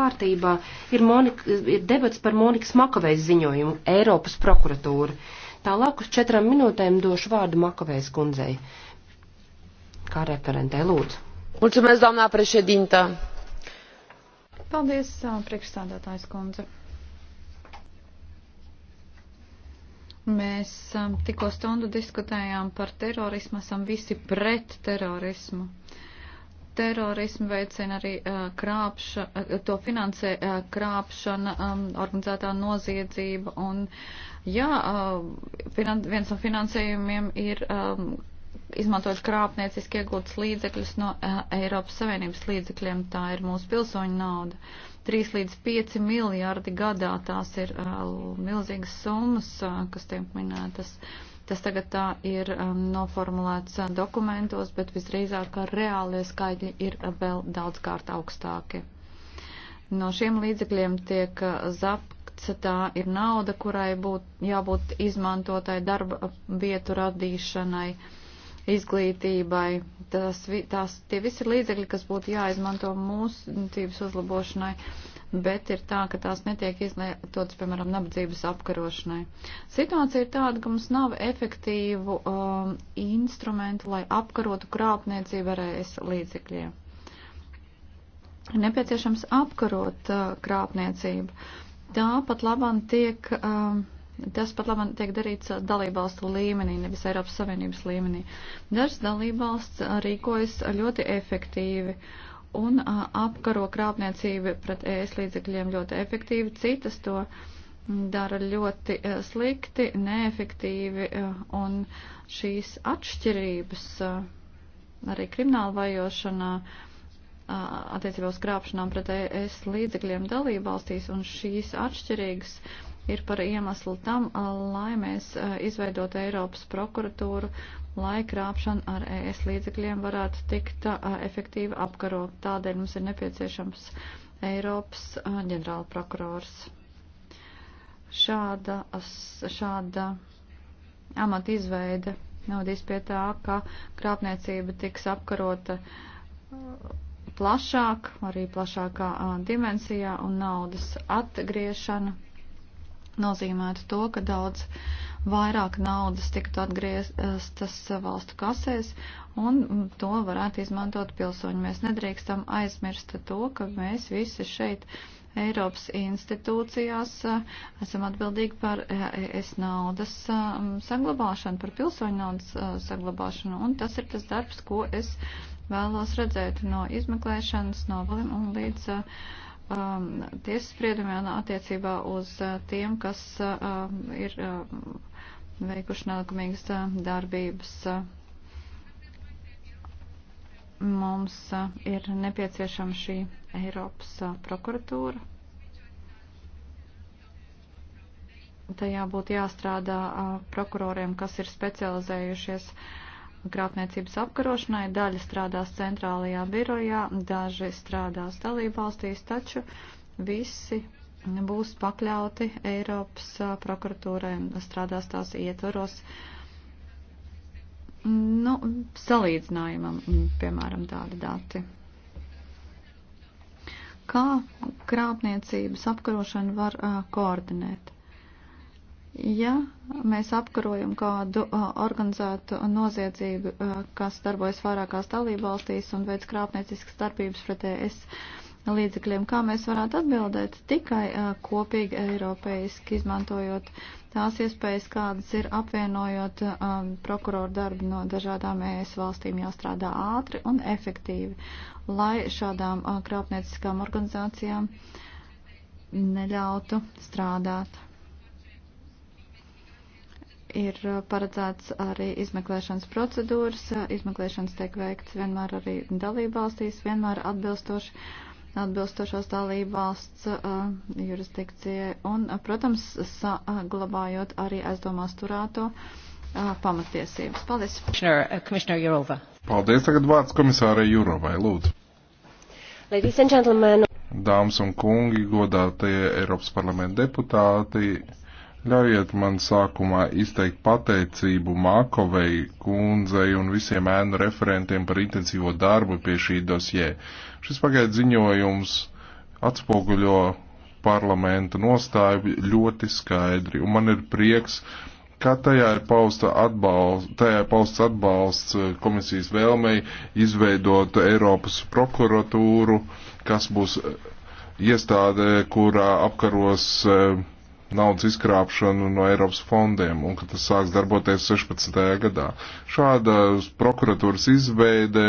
kārtībā ir, Monika, ir debats par Monikas Makavējas ziņojumu Eiropas prokuratūru. Tālāk uz četrām minūtēm došu vārdu Makavējas kundzei. Kā referentē lūdzu. Mulțumesc, doamna președintă. Paldies, priekšstādātājs kundze. Mēs tikko stundu diskutējām par terorismu, esam visi pret terorismu. Uh, terorismu veicina arī uh, krāpša, uh, to finansē uh, krāpšana, um, organizētā noziedzība un, jā, finan, viens no finansējumiem ir um, izmantot krāpnieciski iegūtas līdzekļus no Eiropas Savienības līdzekļiem. Tā ir mūsu pilsoņu nauda. 3 līdz 5 miljardi gadā tās ir milzīgas summas, kas tiek minētas. Uh, Tas tagad tā ir um, noformulēts uh, dokumentos, bet visdrīzāk, ka reālie skaidri ir uh, vēl daudz kārt augstāki. No šiem līdzekļiem tiek uh, zapts, tā ir nauda, kurai būt, jābūt izmantotai darba vietu radīšanai izglītībai. Tas, tās, tie visi ir līdzekļi, kas būtu jāizmanto mūsu dzīves uzlabošanai bet ir tā, ka tās netiek izlietotas, piemēram, nabadzības apkarošanai. Situācija ir tāda, ka mums nav efektīvu um, instrumentu, lai apkarotu krāpniecību ar ES līdzekļiem. Nepieciešams apkarot uh, krāpniecību. Tā pat labam tiek. Um, Tas pat labam tiek darīts uh, dalībvalstu līmenī, nevis Eiropas Savienības līmenī. Dažas dalībvalsts uh, rīkojas uh, ļoti efektīvi. Uh, un apkaro krāpniecību pret ēst līdzekļiem ļoti efektīvi. Citas to dara ļoti slikti, neefektīvi, un šīs atšķirības arī krimināla vajošanā attiecībā uz krāpšanām pret ēst līdzekļiem dalībvalstīs un šīs atšķirīgas ir par iemeslu tam, lai mēs izveidot Eiropas prokuratūru, lai krāpšana ar ES līdzekļiem varētu tikt efektīvi apkarot. Tādēļ mums ir nepieciešams Eiropas ģenerāla prokurors. Šāda, šāda amata izveide novadīs pie tā, ka krāpniecība tiks apkarota plašāk, arī plašākā dimensijā un naudas atgriešana nozīmētu to, ka daudz vairāk naudas tiktu atgrieztas valstu kasēs, un to varētu izmantot pilsoņi. Mēs nedrīkstam aizmirst to, ka mēs visi šeit Eiropas institūcijās esam atbildīgi par es naudas um, saglabāšanu, par pilsoņu naudas uh, saglabāšanu, un tas ir tas darbs, ko es vēlos redzēt no izmeklēšanas, no un līdz uh, um, tiesas spriedumi un attiecībā uz uh, tiem, kas uh, um, ir uh, veikuši nelikumīgas uh, darbības. Uh, mums uh, ir nepieciešama šī Eiropas uh, prokuratūra. Tajā būtu jāstrādā uh, prokuroriem, kas ir specializējušies uh, krāpniecības apkarošanai, daļa strādās centrālajā birojā, daži strādās dalībvalstīs, taču visi būs pakļauti Eiropas prokuratūrai un strādās tās ietvaros. Nu, salīdzinājumam, mm, piemēram, tādi dati. Kā krāpniecības apkarošana var uh, koordinēt? Ja mēs apkarojam kādu organizētu noziedzību, kas darbojas vairākās dalībvalstīs un veids krāpnieciskas darbības pret ES līdzekļiem, kā mēs varētu atbildēt tikai kopīgi eiropeiski izmantojot tās iespējas, kādas ir apvienojot prokuroru darbu no dažādām ES valstīm jāstrādā ātri un efektīvi, lai šādām krāpnieciskām organizācijām neļautu strādāt ir uh, paredzēts arī izmeklēšanas procedūras. Uh, izmeklēšanas tiek veikts vienmēr arī dalībvalstīs, vienmēr atbilstoši atbilstošās dalībvalsts uh, jurisdikcijai un, uh, protams, saglabājot arī aizdomās turēto uh, pamatiesības. Paldies. Komisāra uh, Jurova. Paldies. Tagad vārds komisārai Jurovai. Lūdzu. Ladies and gentlemen. Dāmas un kungi, godātie Eiropas parlamenta deputāti. Ļaujiet man sākumā izteikt pateicību Mākovei kundzei un visiem ēnu referentiem par intensīvo darbu pie šī dosjē. Šis pagaidu ziņojums atspoguļo parlamenta nostāju ļoti skaidri, un man ir prieks, ka tajā ir pausta atbalsts, tajā ir pausts atbalsts eh, komisijas vēlmei izveidot Eiropas prokuratūru, kas būs eh, iestāde, kurā apkaros uh, naudas izkrāpšanu no Eiropas fondiem un ka tas sāks darboties 16. gadā. Šāda prokuratūras izveide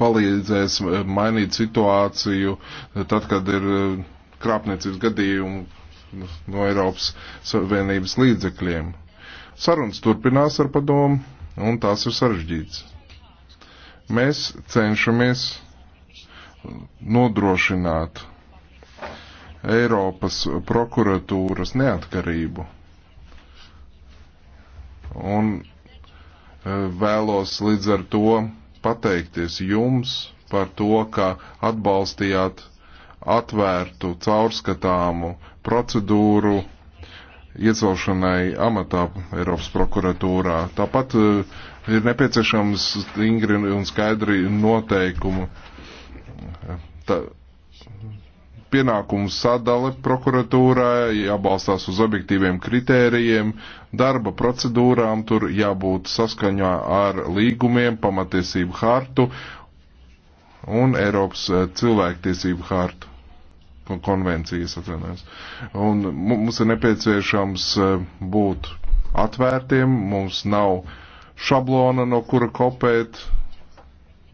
palīdzēs eh, mainīt situāciju eh, tad, kad ir eh, krāpniecības gadījumi no Eiropas Savienības līdzekļiem. Sarunas turpinās ar padomu un tās ir sarežģītas. Mēs cenšamies nodrošināt Eiropas prokuratūras neatkarību. Un e, vēlos līdz ar to pateikties jums par to, ka atbalstījāt atvērtu, caurskatāmu procedūru iecelšanai amatā Eiropas prokuratūrā. Tāpat e, ir nepieciešams stingri un skaidri noteikumi. E, ta, pienākumu sadale prokuratūrai, jābalstās uz objektīviem kritērijiem, darba procedūrām tur jābūt saskaņā ar līgumiem, pamatiesību hartu un Eiropas eh, cilvēktiesību hartu konvencijas atvienojas. Un mums ir nepieciešams eh, būt atvērtiem, mums nav šablona, no kura kopēt,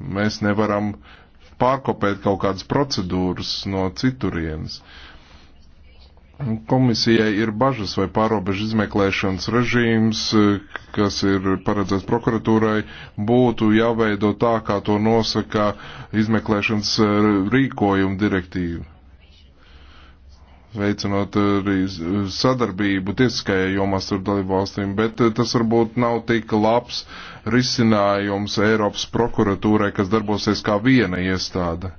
mēs nevaram uh, pārkopēt kaut kādas procedūras no citurienes. Komisijai ir bažas vai pārobežu izmeklēšanas režīms, kas ir paredzēts prokuratūrai, būtu jāveido tā, kā to nosaka izmeklēšanas rīkojuma direktīva veicinot arī sadarbību tiesiskajā jomā starp dalībvalstīm, bet eh, tas varbūt nav tik labs risinājums Eiropas prokuratūrai, kas darbosies kā viena iestāde.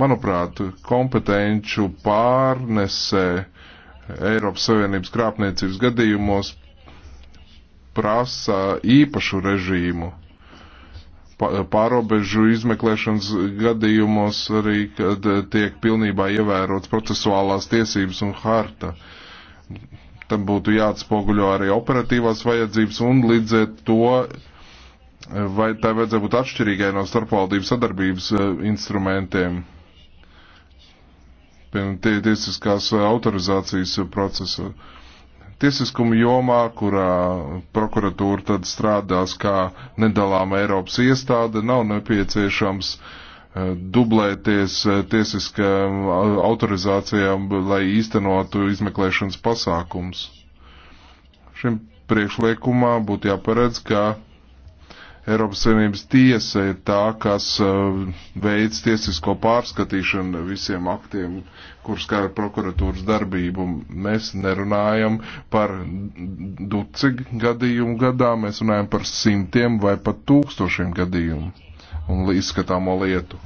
Manuprāt, kompetenču pārnese Eiropas Savienības krāpniecības gadījumos prasa īpašu režīmu pārobežu izmeklēšanas gadījumos arī, kad eh, tiek pilnībā ievērots procesuālās tiesības un harta. Tam būtu jāatspoguļo arī operatīvās vajadzības un līdz to, eh, vai tā vajadzētu būt atšķirīgai no starpvaldības sadarbības eh, instrumentiem, piemēram, tiesiskās autorizācijas procesu tiesiskuma jomā, kurā prokuratūra tad strādās kā nedalāma Eiropas iestāde, nav nepieciešams eh, dublēties eh, tiesiskā autorizācijām, lai īstenotu izmeklēšanas pasākums. Šim priekšliekumā būtu jāparedz, ka Eiropas Savienības tiesa ir tā, kas eh, veids tiesisko pārskatīšanu visiem aktiem, kur skar prokuratūras darbību. Mēs nerunājam par duci gadījumu gadā, mēs runājam par simtiem vai pat tūkstošiem gadījumu un izskatāmo lietu.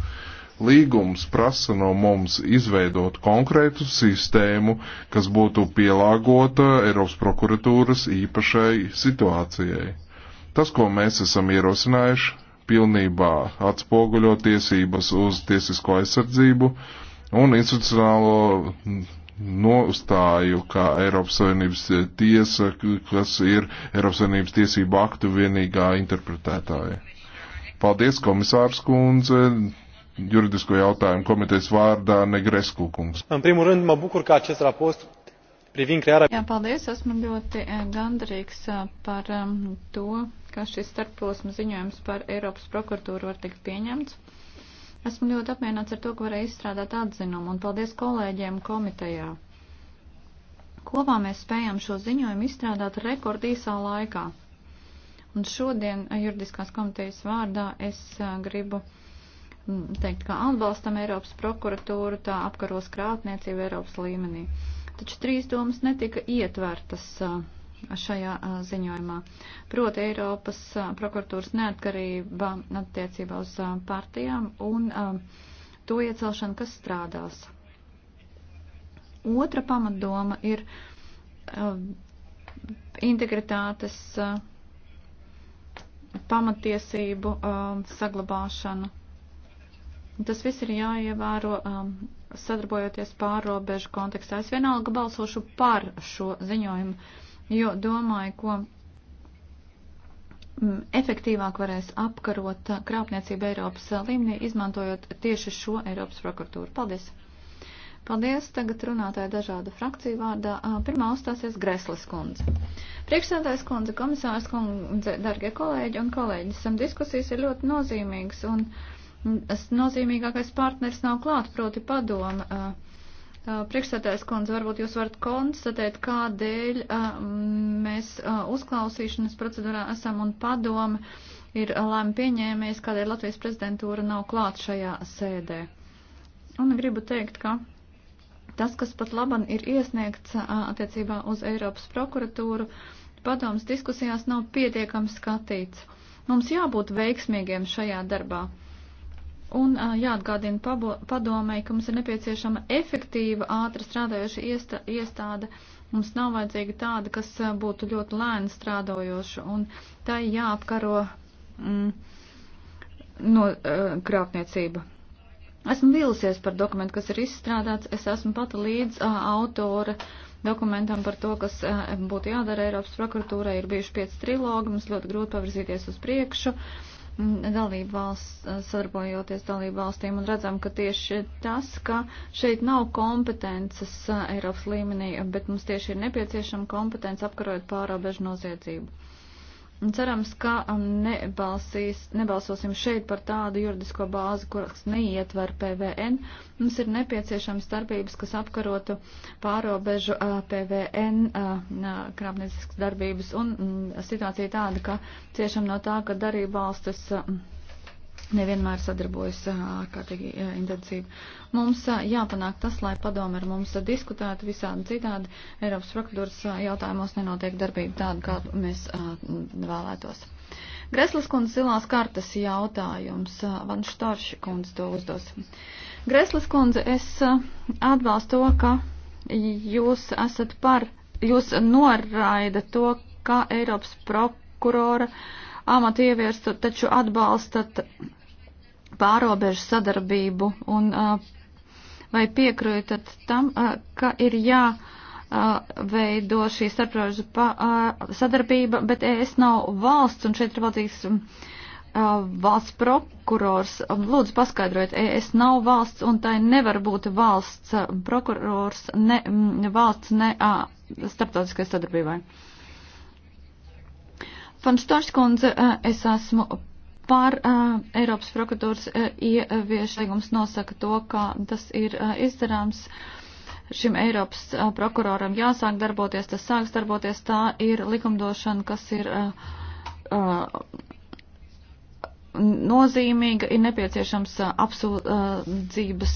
Līgums prasa no mums izveidot konkrētu sistēmu, kas būtu pielāgota Eiropas prokuratūras īpašai situācijai Tas, ko mēs esam ierosinājuši, pilnībā atspoguļo tiesības uz tiesisko aizsardzību un institucionālo nostāju, kā Eiropas Savienības tiesa, kas ir Eiropas Savienības tiesību aktu vienīgā interpretētāja. Paldies, komisārs kundze, juridisko jautājumu komitejas vārdā Negresku kungs. Jā, paldies, esmu ļoti eh, gandarīgs eh, par eh, to, ka šis starpposma ziņojums par Eiropas prokuratūru var tikt pieņemts. Esmu ļoti apmierināts ar to, ka varēja izstrādāt atzinumu, un paldies kolēģiem komitejā. Kopā mēs spējām šo ziņojumu izstrādāt rekordīsā laikā. Un šodien eh, juridiskās komitejas vārdā es eh, gribu mm, teikt, ka atbalstam Eiropas prokuratūru, tā apkaros krāpniecību Eiropas līmenī. Taču trīs domas netika ietvertas uh, šajā ziņojumā. Proti Eiropas prokuratūras neatkarība attiecībā uz partijām un to iecelšanu, kas strādās. Otra pamatdoma ir integritātes pamatiesību saglabāšanu. Tas viss ir jāievēro sadarbojoties pārrobežu kontekstā. Es vienalga balsošu par šo ziņojumu jo domāju, ko mm, efektīvāk varēs apkarot krāpniecību Eiropas līmenī, izmantojot tieši šo Eiropas prokuratūru. Paldies! Paldies! Tagad runātāja dažādu frakciju vārdā. Pirmā uzstāsies Greslis kundze. Priekšsēdājs kundze, komisārs kundze, dargie kolēģi un kolēģis, sam diskusijas ir ļoti nozīmīgas un mm, nozīmīgākais partners nav klāt, proti padoma. Uh, Uh, Priekšsētājs kundze, varbūt jūs varat konstatēt, kādēļ uh, mēs uh, uzklausīšanas procedūrā esam un padomi ir lēma pieņēmējis, kādēļ Latvijas prezidentūra nav klāt šajā sēdē. Un gribu teikt, ka tas, kas pat laban ir iesniegts attiecībā uz Eiropas prokuratūru, padomas diskusijās nav pietiekams skatīts. Mums jābūt veiksmīgiem šajā darbā. Un jāatgādina padomēji, ka mums ir nepieciešama efektīva, ātri strādājoša iesta, iestāde. Mums nav vajadzīga tāda, kas būtu ļoti lēna strādājoša, un tai jāapkaro mm, no, uh, krāpniecība. Esmu vīlusies par dokumentu, kas ir izstrādāts. Es esmu pati līdz uh, autora dokumentam par to, kas uh, būtu jādara Eiropas prokuratūrai. Ir bijuši pieci trilogi, mums ļoti grūti pavirzīties uz priekšu. Uh, dalību valsts, sadarbojoties dalību valstīm un redzam, ka tieši tas, ka šeit nav kompetences Eiropas līmenī, bet mums tieši ir nepieciešama kompetence apkarojot pārobežu noziedzību. Cerams, ka um, nebalsīs, nebalsosim šeit par tādu juridisko bāzi, kuras neietver PVN. Mums ir nepieciešams darbības, kas apkarotu pārobežu uh, PVN uh, uh, krāpnieciskas darbības, un mm, situācija tāda, ka ciešam no tā, ka darība valstis. A, nevienmēr sadarbojas ārkārtīgi intensīvi. Mums jāpanāk tas, lai padomi ar mums diskutētu visādi citādi. Eiropas prokuratūras jautājumos nenotiek darbība tāda, kādu mēs vēlētos. Greslas kundze zilās kartas jautājums. Van Štorši kundze to uzdos. Greslas kundze, es atbalstu to, ka jūs esat par, jūs noraida to, ka Eiropas prokurora amatu ieviestu, taču atbalstat pārobežu sadarbību un vai piekrītat tam, ka ir jāveido šī starprobežu sadarbība, bet es nav valsts un šeit ir valdzīgs valsts prokurors. Lūdzu, paskaidrojiet, es nav valsts un tai nevar būt valsts prokurors, ne valsts, ne starptautiskai sadarbībai. Fanštorskundze, es esmu Par uh, Eiropas prokuratūras uh, ieviešīgums nosaka to, kā tas ir uh, izdarāms. Šim Eiropas uh, prokuroram jāsāk darboties, tas sāks darboties. Tā ir likumdošana, kas ir. Uh, uh, nozīmīga, ir nepieciešams apsūdzības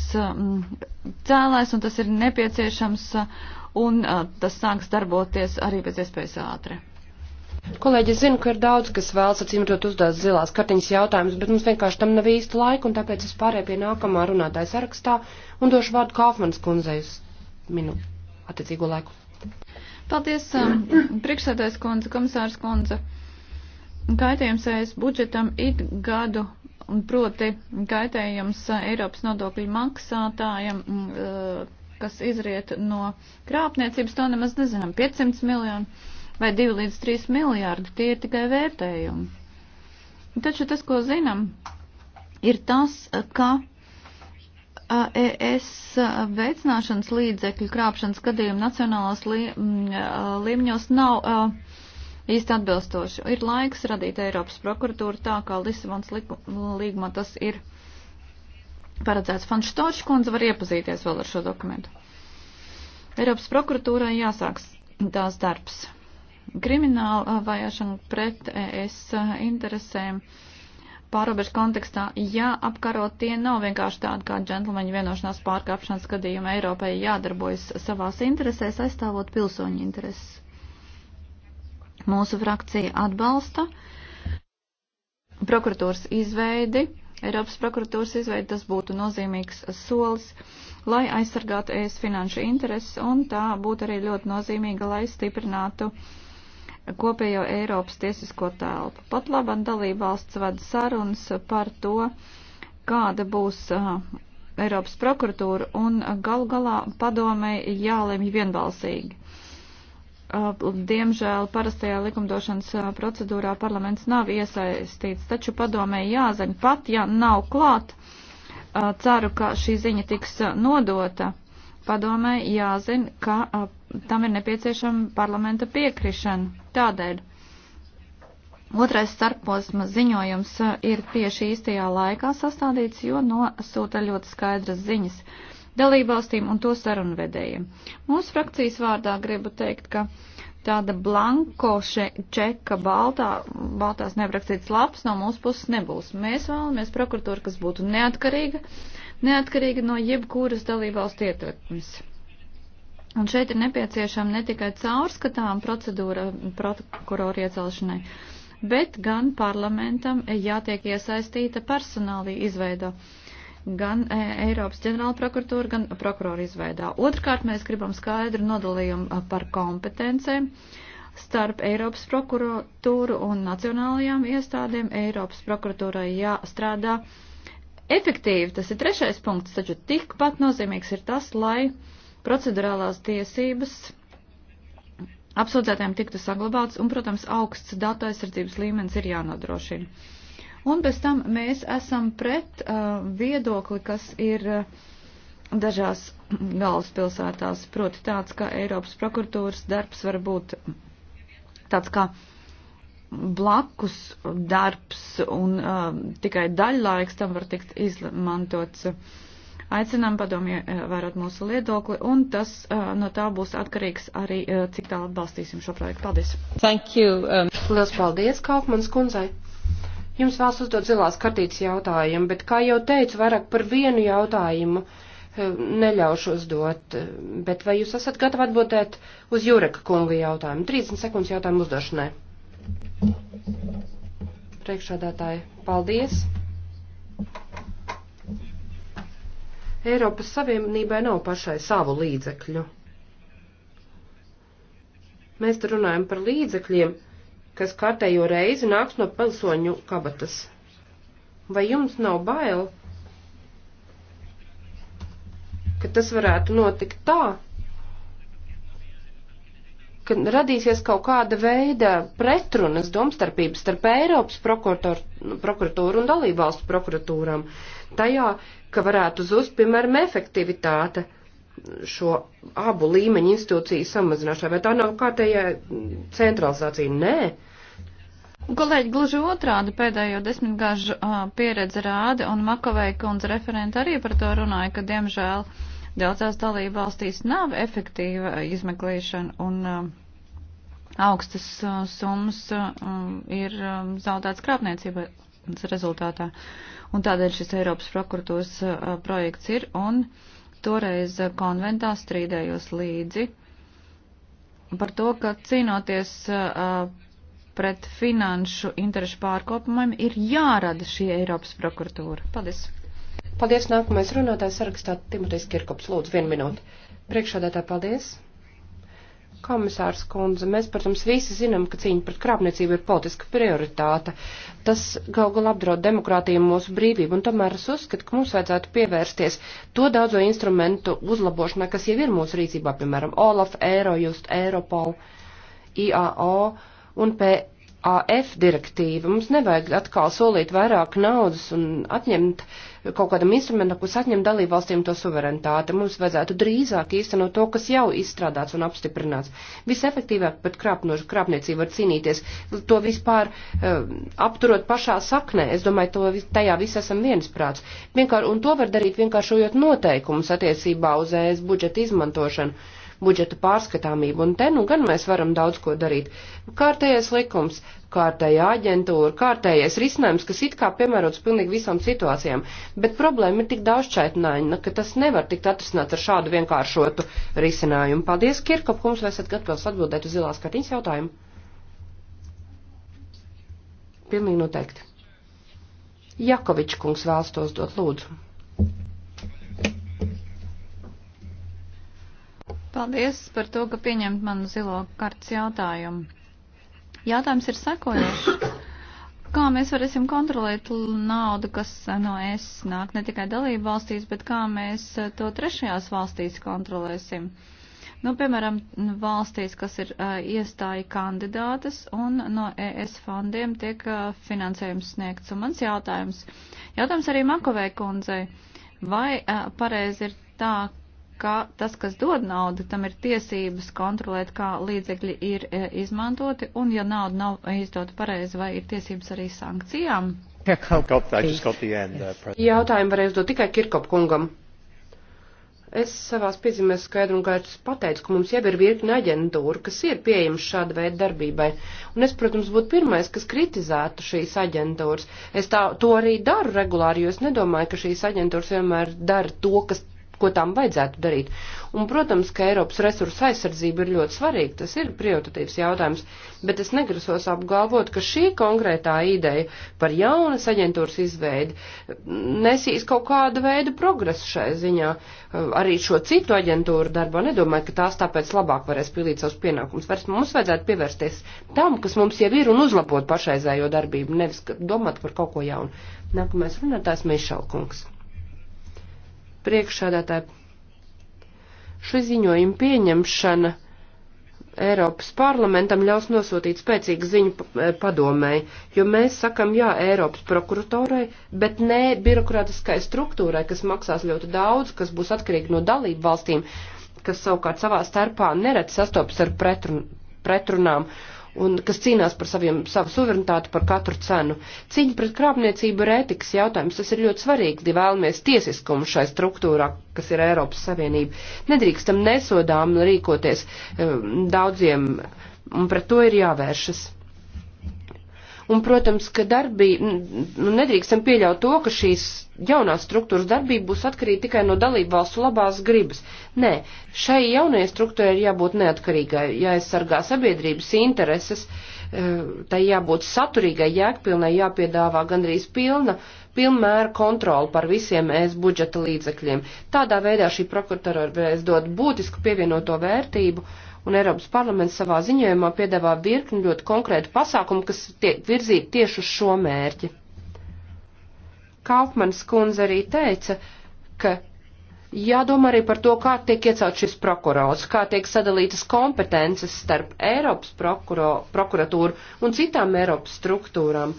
cēlēs, un tas ir nepieciešams, un tas sāks darboties arī pēc iespējas ātri. Kolēģi, es zinu, ka ir daudz, kas vēlas atsimtot uzdās zilās kartiņas jautājumus, bet mums vienkārši tam nav īsti laika, un tāpēc es pārēju pie nākamā runātāja sarakstā un došu vārdu Kaufmanas kundzei uz minu attiecīgo laiku. Paldies, um, priekšsēdājs kundze, komisārs kundze. Kaitējums es budžetam ik gadu proti kaitējums uh, Eiropas nodokļu maksātājiem, mm, uh, kas izriet no krāpniecības, to nemaz nezinām, 500 miljonu vai 2 līdz 3 miljārdi, tie ir tikai vērtējumi. Taču tas, ko zinām, ir tas, ka ES veicināšanas līdzekļu krāpšanas gadījumu nacionālās līmeņos nav īsti atbilstoši. Ir laiks radīt Eiropas prokuratūru tā, kā Lisabons līgumā tas ir paredzēts. Fanš Storčs kundze var iepazīties vēl ar šo dokumentu. Eiropas prokuratūrai jāsāks tās darbs krimināla vajāšana pret ES interesēm pārobežu kontekstā, ja apkarot tie nav vienkārši tādi kā džentlmeņu vienošanās pārkāpšanas gadījumi Eiropai jādarbojas savās interesēs, aizstāvot pilsoņu intereses. Mūsu frakcija atbalsta prokuratūras izveidi, Eiropas prokuratūras izveidi, tas būtu nozīmīgs solis lai aizsargātu ES finanšu intereses, un tā būtu arī ļoti nozīmīga, lai stiprinātu uh, kopējo Eiropas tiesisko telpu. Pat labam dalībvalsts ved sarunas par to, kāda būs uh, Eiropas prokuratūra un uh, galu galā padomei jālemj vienbalsīgi. Uh, diemžēl parastajā likumdošanas procedūrā parlaments nav iesaistīts, taču padomēji jāzaņ pat, ja nav klāt. Ceru, ka šī ziņa tiks nodota padomē jāzina, ka a, tam ir nepieciešama parlamenta piekrišana. Tādēļ otrais starposma ziņojums ir tieši īstajā laikā sastādīts, jo nosūta ļoti skaidras ziņas dalībvalstīm un to sarunvedējiem. Mūsu frakcijas vārdā gribu teikt, ka tāda blanko še, čeka baltā, baltās neaprakstīts labs no mūsu puses nebūs. Mēs vēlamies prokuratūru, kas būtu neatkarīga, neatkarīgi no jebkuras dalībvalsts ietvertnes. Un šeit ir nepieciešama ne tikai caurskatām procedūra prokuroru iecelšanai, bet gan parlamentam jātiek iesaistīta personālī izveido gan e, Eiropas ģenerāla prokuratūra, gan prokurora izveidā. Otrkārt, mēs gribam skaidru nodalījumu par kompetencēm starp Eiropas prokuratūru un nacionālajām iestādēm. Eiropas prokuratūrai jāstrādā. Ja efektīvi, tas ir trešais punkts, taču tikpat nozīmīgs ir tas, lai procedurālās tiesības apsūdzētājiem tiktu saglabāts un, protams, augsts datu aizsardzības līmenis ir jānodrošina. Un bez tam mēs esam pret uh, viedokli, kas ir uh, dažās galvaspilsētās, proti tāds, ka Eiropas prokuratūras darbs var būt tāds kā uh, blakus darbs un uh, tikai daļlaiks tam var tikt izmantots. Aicinām padomju uh, vērot mūsu liedokli, un tas uh, no tā būs atkarīgs arī, uh, cik tālu atbalstīsim šo projektu. Paldies! Thank you! Um... Lielas paldies, Kaufmanas kundzei! Jums vēlas uzdot zilās kartītes jautājumu, bet, kā jau teicu, vairāk par vienu jautājumu uh, neļaušu uzdot, uh, bet vai jūs esat gatavi atbildēt uz Jureka kunga jautājumu? 30 sekundes jautājumu uzdošanai. Priekšādātāji, paldies! Eiropas Savienībai nav pašai savu līdzekļu. Mēs te runājam par līdzekļiem, kas kārtējo reizi nāks no pilsoņu kabatas. Vai jums nav bail, ka tas varētu notikt tā, ka radīsies kaut kāda veida pretrunas domstarpības starp Eiropas prokuratūru un dalībvalstu prokuratūram. Tajā, ka varētu zust, piemēram, efektivitāte šo abu līmeņu institūciju samazināšanā, vai tā nav kārtējā centralizācija? Nē. Kolēģi, gluži otrādi pēdējo desmitgažu uh, pieredze rāda, un Makovei kundze referenta arī par to runāja, ka diemžēl daudzās dalība valstīs nav efektīva izmeklēšana un uh, augstas uh, summas uh, um, ir um, zaudētas krāpniecība rezultātā. Un tādēļ šis Eiropas prokuratūras uh, projekts ir, un toreiz konventā strīdējos līdzi par to, ka cīnoties pret finanšu interešu pārkopumiem ir jārada šī Eiropas prokuratūra. Paldies! Paldies, nākamais runātājs sarakstā Timotejs Kirkops. Lūdzu, vienu minūti. Priekšādātā, paldies! Komisārs kundze, mēs, protams, visi zinām, ka cīņa pret krāpniecību ir politiska prioritāte. Tas gal galā apdraud demokrātiju un mūsu brīvību, un tomēr es uzskatu, ka mums vajadzētu pievērsties to daudzo instrumentu uzlabošanai, kas jau ir mūsu rīcībā, piemēram, OLAF, Eirojust, Eiropol, IAO un PAF direktīva. Mums nevajag atkal solīt vairāk naudas un atņemt uh, kaut kādam instrumentam, kas atņem dalībvalstīm to suverenitāti. Mums vajadzētu drīzāk īstenot to, kas jau izstrādāts un apstiprināts. Visefektīvāk pret krāpnošu krāpniecību var cīnīties, to vispār uh, apturot pašā saknē. Es domāju, to, tajā viss esam viensprāts. Vienkār, un to var darīt vienkāršojot noteikumus attiecībā uz ES budžeta izmantošanu budžetu pārskatāmību, un te nu gan mēs varam daudz ko darīt. Kārtējais likums, kārtējā aģentūra, kārtējais risinājums, kas it kā piemērots pilnīgi visām situācijām, bet problēma ir tik daudzšķaitnāja, ka tas nevar tikt atrisināt ar šādu vienkāršotu risinājumu. Paldies, Kirkop, kungs, vai esat gatavs atbildēt uz zilās kartiņas jautājumu? Pilnīgi noteikti. Jakovičs kungs vēlas tos dot lūdzu. Paldies par to, ka pieņemt manu zilo kartas jautājumu. Jautājums ir sekojošs. Kā mēs varēsim kontrolēt naudu, kas no es nāk ne tikai dalību valstīs, bet kā mēs to trešajās valstīs kontrolēsim? Nu, piemēram, valstīs, kas ir uh, iestāja kandidātas un no ES fondiem tiek uh, finansējums sniegts. Un mans jautājums, jautājums arī Makovē kundzei, vai uh, pareizi ir tā, ka tas, kas dod naudu, tam ir tiesības kontrolēt, kā līdzekļi ir e, izmantoti, un ja nauda nav izdota pareizi, vai ir tiesības arī sankcijām? Uh, Jautājumu varēs dot tikai Kirkop kungam. Es savās piezīmēs skaidru un gaitus pateicu, ka mums jau ir virkni aģentūra, kas ir pieejama šāda veida darbībai. Un es, protams, būtu pirmais, kas kritizētu šīs aģentūras. Es tā, to arī daru regulāri, jo es nedomāju, ka šīs aģentūras vienmēr dara to, kas ko tām vajadzētu darīt. Un, protams, ka Eiropas resursa aizsardzība ir ļoti svarīga, tas ir prioritatīvs jautājums, bet es negrasos apgalvot, ka šī konkrētā ideja par jaunas aģentūras izveidi nesīs kaut kādu veidu progresu šai ziņā. Arī šo citu aģentūru darbā nedomāju, ka tās tāpēc labāk varēs pildīt savus pienākumus. Vairs mums vajadzētu pievērsties tam, kas mums jau ir un uzlabot pašreizējo darbību, nevis domāt par kaut ko jaunu. Nākamais runātājs Mišalkungs priekšādātāji. Šī ziņojuma pieņemšana Eiropas parlamentam ļaus nosūtīt spēcīgu ziņu e, padomēji, jo mēs sakam jā Eiropas prokuratorai, bet nē birokrātiskai struktūrai, kas maksās ļoti daudz, kas būs atkarīgi no dalību valstīm, kas savukārt savā starpā neredz sastopas ar pretrun pretrunām un kas cīnās par saviem, savu suverenitāti par katru cenu. Cīņa pret krāpniecību ir ētikas jautājums, tas ir ļoti svarīgs, ja vēlamies tiesiskumu šai struktūrā, kas ir Eiropas Savienība. Nedrīkstam nesodām rīkoties um, daudziem, un pret to ir jāvēršas. Un, protams, ka darbība, nu, nedrīkstam pieļaut to, ka šīs jaunās struktūras darbība būs atkarīga tikai no dalību valstu labās gribas. Nē, šai jaunajai struktūrai ir jābūt neatkarīgai, jāaizsargā sabiedrības intereses, e, tai jābūt saturīgai, jēgpilnai, jāpiedāvā gandrīz pilna pilnmēra kontroli par visiem ES budžeta līdzekļiem. Tādā veidā šī prokuratora varēs dot būtisku pievienoto vērtību uh, un Eiropas parlaments savā ziņojumā piedāvā virkni ļoti konkrētu pasākumu, kas tiek virzīti tieši uz šo mērķi. Kaufmanis kundze arī teica, ka jādomā arī par to, kā tiek iecelt šis prokurors, kā tiek sadalītas kompetences starp Eiropas prokuro, prokuratūru un citām Eiropas struktūrām.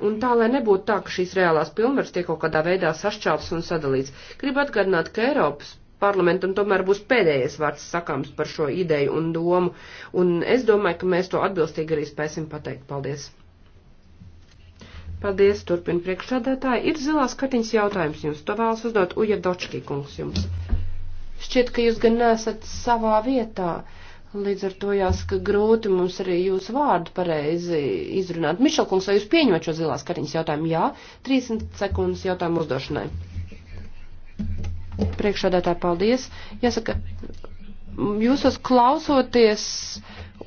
Un tā, lai nebūtu tā, ka šīs reālās pilnvaras tiek kaut kādā veidā sašķeltas un sadalīts, gribu atgādināt, ka Eiropas parlamentam tomēr būs pēdējais vārds sakāms par šo ideju un domu, un es domāju, ka mēs to atbilstīgi arī spēsim pateikt. Paldies! Paldies, turpina priekšsādātāji. Ir zilās kartiņas jautājums jums. To vēlas uzdot Uja Dočkī kungs jums. Šķiet, ka jūs gan nesat savā vietā. Līdz ar to jāsaka grūti mums arī jūsu vārdu pareizi izrunāt. Mišelkungs, vai jūs pieņemat šo zilās kartiņas jautājumu? Jā, 30 sekundes jautājumu uzdošanai. Priekšādātāji, paldies. Jāsaka, jūsos klausoties,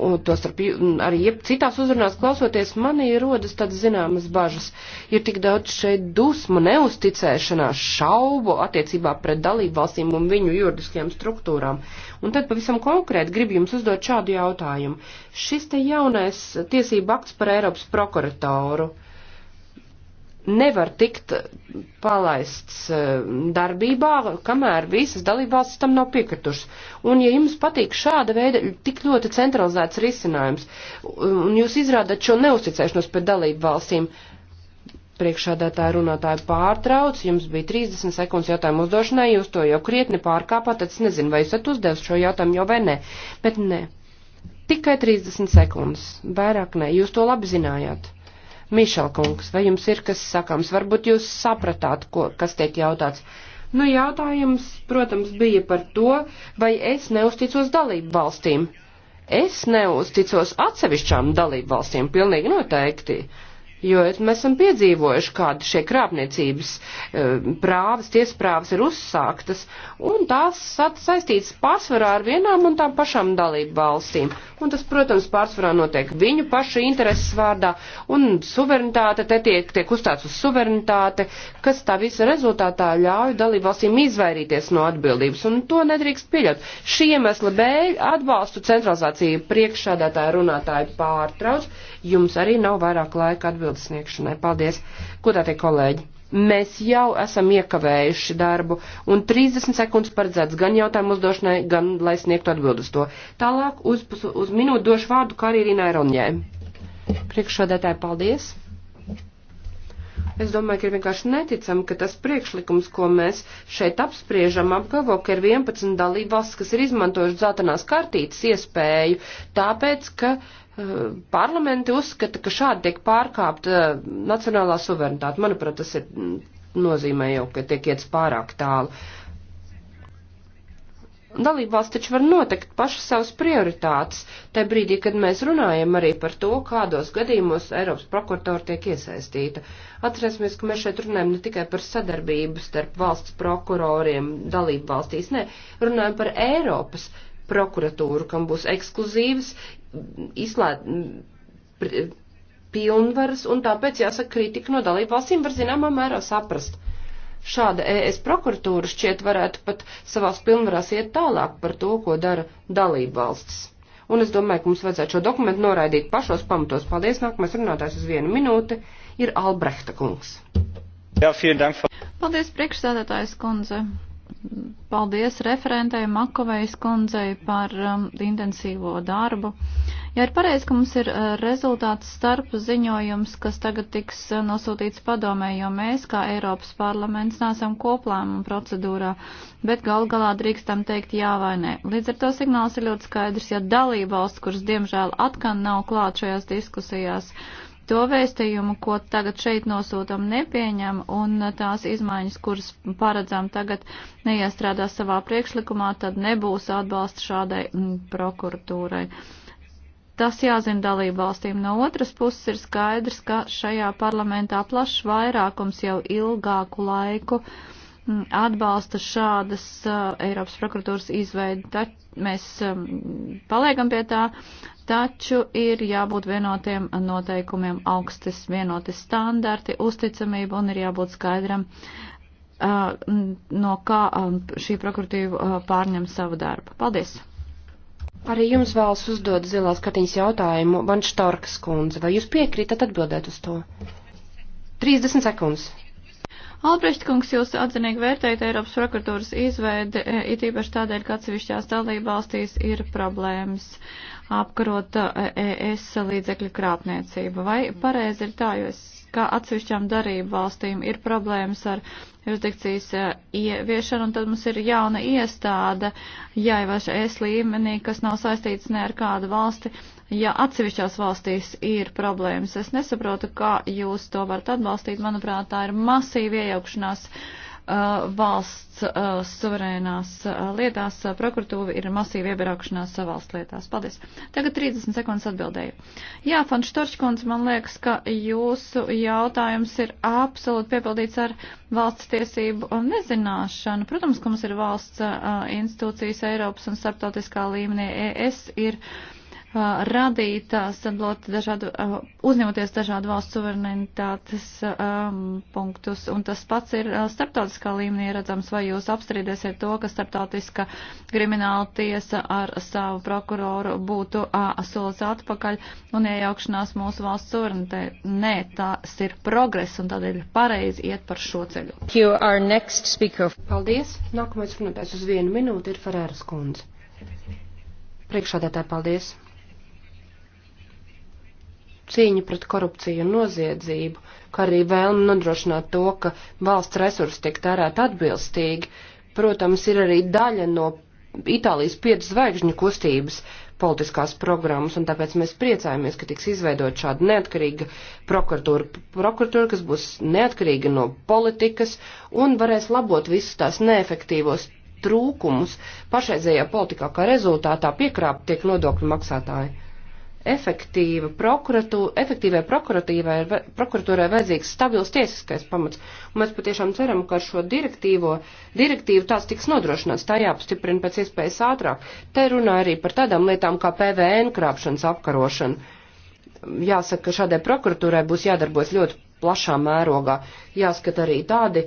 un tos starp, arī citās uzrunās klausoties, manī rodas tādas zināmas bažas. Ir tik daudz šeit dusmu, neusticēšanās, šaubu attiecībā pret dalību valstīm un viņu juridiskajām struktūrām. Un tad pavisam konkrēti gribu jums uzdot šādu jautājumu. Šis te jaunais tiesība akts par Eiropas prokuratoru nevar tikt palaists e, darbībā, kamēr visas dalībvalstis tam nav piekritušas. Un ja jums patīk šāda veida tik ļoti centralizēts risinājums, un jūs izrādat šo neusticēšanos pret dalībvalstīm, priekšādātāja runātāja pārtrauc, jums bija 30 sekundes jautājumu uzdošanai, jūs to jau krietni pārkāpāt, tad es nezinu, vai jūs esat uzdevis šo jautājumu jau vai nē, bet nē. Tikai 30 sekundes, vairāk nē, jūs to labi zinājāt. Mišelkungs, vai jums ir kas sakams? Varbūt jūs sapratāt, ko, kas tiek jautāts. Nu, jautājums, protams, bija par to, vai es neusticos dalību valstīm. Es neusticos atsevišķām dalību valstīm, pilnīgi noteikti. Uh, jo mēs esam piedzīvojuši, kāda šie krāpniecības e, prāvas, tiesprāvas ir uzsāktas, un tās saistītas pārsvarā ar vienām un tām pašām dalību valstīm. Un tas, protams, pārsvarā notiek viņu pašu intereses vārdā, un suverenitāte te tiek, tiek uzstāts uz suverenitāte, kas tā visa rezultātā ļauj dalību valstīm izvairīties no atbildības, un to nedrīkst pieļaut. Šī iemesla dēļ atbalstu centralizāciju priekšādātāja runātāja pārtrauc, jums arī nav vairāk laika atbildēt atbildes sniegšanai. Paldies, godātie kolēģi! Mēs jau esam iekavējuši darbu, un 30 sekundes paredzēts gan jautājumu uzdošanai, gan lai sniegtu atbildus to. Tālāk uz, uz minūtu došu vārdu Karīrīnai Ronjai. Priekšsādētāji, paldies! Es domāju, ka ir vienkārši neticami, ka tas priekšlikums, ko mēs šeit apspriežam, apgalvo, ka ir 11 dalībvalsts, kas ir izmantojuši dzeltenās kartītes iespēju, tāpēc, ka uh, parlamenti uzskata, ka šādi tiek pārkāpta uh, eh, nacionālā suverenitāte. Manuprāt, tas ir mm, nozīmē jau, ka tiek iets pārāk tālu. Uh, Dalībvalsts taču var noteikt paši savus prioritātes, te brīdī, kad mēs runājam arī par to, kādos gadījumos Eiropas prokuratora tiek iesaistīta. Atcerēsimies, ka mēs šeit runājam ne tikai par sadarbību starp valsts prokuroriem dalībvalstīs, nē, runājam par Eiropas prokuratūru, kam būs ekskluzīvas, izslēgt pilnvaras, un tāpēc jāsaka, kritika no dalībvalstīm var zināmā mērā saprast Šāda ES prokuratūra šķiet varētu pat savās pilnvarās iet tālāk par to, ko dara dalību valstis. Un es domāju, ka mums vajadzētu šo dokumentu noraidīt pašos pamatos. Paldies, nākamais runātājs uz vienu minūti ir Albrehta kungs. Jā, Paldies, priekšsēdētājs kundze. Paldies referentei Makovejas kundzei par um, intensīvo darbu. Ja ir pareizi, ka mums ir uh, rezultāts starp ziņojums, kas tagad tiks uh, nosūtīts padomē, jo mēs, kā Eiropas parlaments, nesam koplēmuma procedūrā, bet gal galā drīkstam teikt jā vai nē. Līdz ar to signāls ir ļoti skaidrs, ja dalība valsts, kuras diemžēl atkal nav klāt šajās diskusijās, uh, to vēstījumu, ko tagad šeit nosūtam, nepieņem, un tās izmaiņas, kuras paredzam tagad neiestrādā savā priekšlikumā, tad nebūs atbalsta šādai mm, prokuratūrai. Tas jāzina dalību valstīm. No otras puses ir skaidrs, ka šajā parlamentā plašs vairākums jau ilgāku laiku mm, atbalsta šādas uh, Eiropas prokuratūras izveidi, tad mēs um, paliekam pie tā, Taču ir jābūt vienotiem noteikumiem, augstas vienoti standarti, uzticamība un ir jābūt skaidram, no kā šī prokuratīva pārņem savu darbu. Paldies! Arī jums vēlas uzdot zilās kartiņas jautājumu, Van Štorkas kundze. Vai jūs piekrītat atbildēt uz to? 30 sekundes. Albrecht kungs, jūs atzinīgi vērtējat Eiropas prokuratūras izveidi, it īpaši tādēļ, ka atsevišķās dalībvalstīs ir problēmas. Uh, apkarot ES eh, e līdzekļu krāpniecību. Vai pareizi ir tā, jo es, kā atsevišķām darību valstīm ir problēmas ar jurisdikcijas eh, ieviešanu, un tad mums ir jauna iestāde, jāievēš ES līmenī, kas nav saistīts ne ar kādu valsti, ja atsevišķās valstīs ir problēmas. Es nesaprotu, kā jūs to varat atbalstīt. Manuprāt, tā ir masīva iejaukšanās. Uh, Uh, valsts uh, suverēnās uh, lietās. Prokuratūra ir masīva iebraukšanās valsts lietās. Paldies. Tagad 30 sekundes atbildēju. Jā, Fons Štorčkons, man liekas, ka jūsu jautājums ir absolūti piepildīts ar valsts tiesību nezināšanu. Protams, ka mums ir valsts institūcijas Eiropas un starptautiskā līmenī. ES ir. Uh, Uh, radīt, uh, sadalot dažādu, uh, uzņemoties dažādu valstu suverenitātes um, punktus. Un tas pats ir starptautiskā līmenī redzams, vai jūs apstrīdēsiet to, ka starptautiska krimināla tiesa ar savu prokuroru būtu uh, solis atpakaļ un iejaukšanās mūsu valsts suverenitātei. Nē, tas ir progress un tādēļ pareizi iet par šo ceļu. Paldies. Nākamais runātājs uz vienu minūti ir Ferēras kundze. Priekšādētāji, paldies cīņa pret korupciju un noziedzību, kā arī vēlme nodrošināt to, ka valsts resursi tiek tērēt atbilstīgi, protams, ir arī daļa no Itālijas piecu zvaigžņu kustības politiskās programmas, un tāpēc mēs priecājamies, ka tiks izveidot šāda neatkarīga prokuratūra, prokuratūra, kas būs neatkarīga no politikas un varēs labot visus tās neefektīvos trūkumus pašreizējā politikā, kā rezultātā piekrāpt tiek nodokļu maksātāji efektīva prokuratūra, efektīvai prokuratūrai ir, prokuratūrai vajadzīgs stabils tiesiskais pamats. Un mēs patiešām ceram, ka ar šo direktīvo, direktīvu tās tiks nodrošināts, tā jāapstiprina pēc iespējas ātrāk. Te runā arī par tādām lietām kā PVN krāpšanas apkarošana. Jāsaka, ka šādai prokuratūrai būs jādarbojas ļoti plašā mērogā. Jāskat arī tādi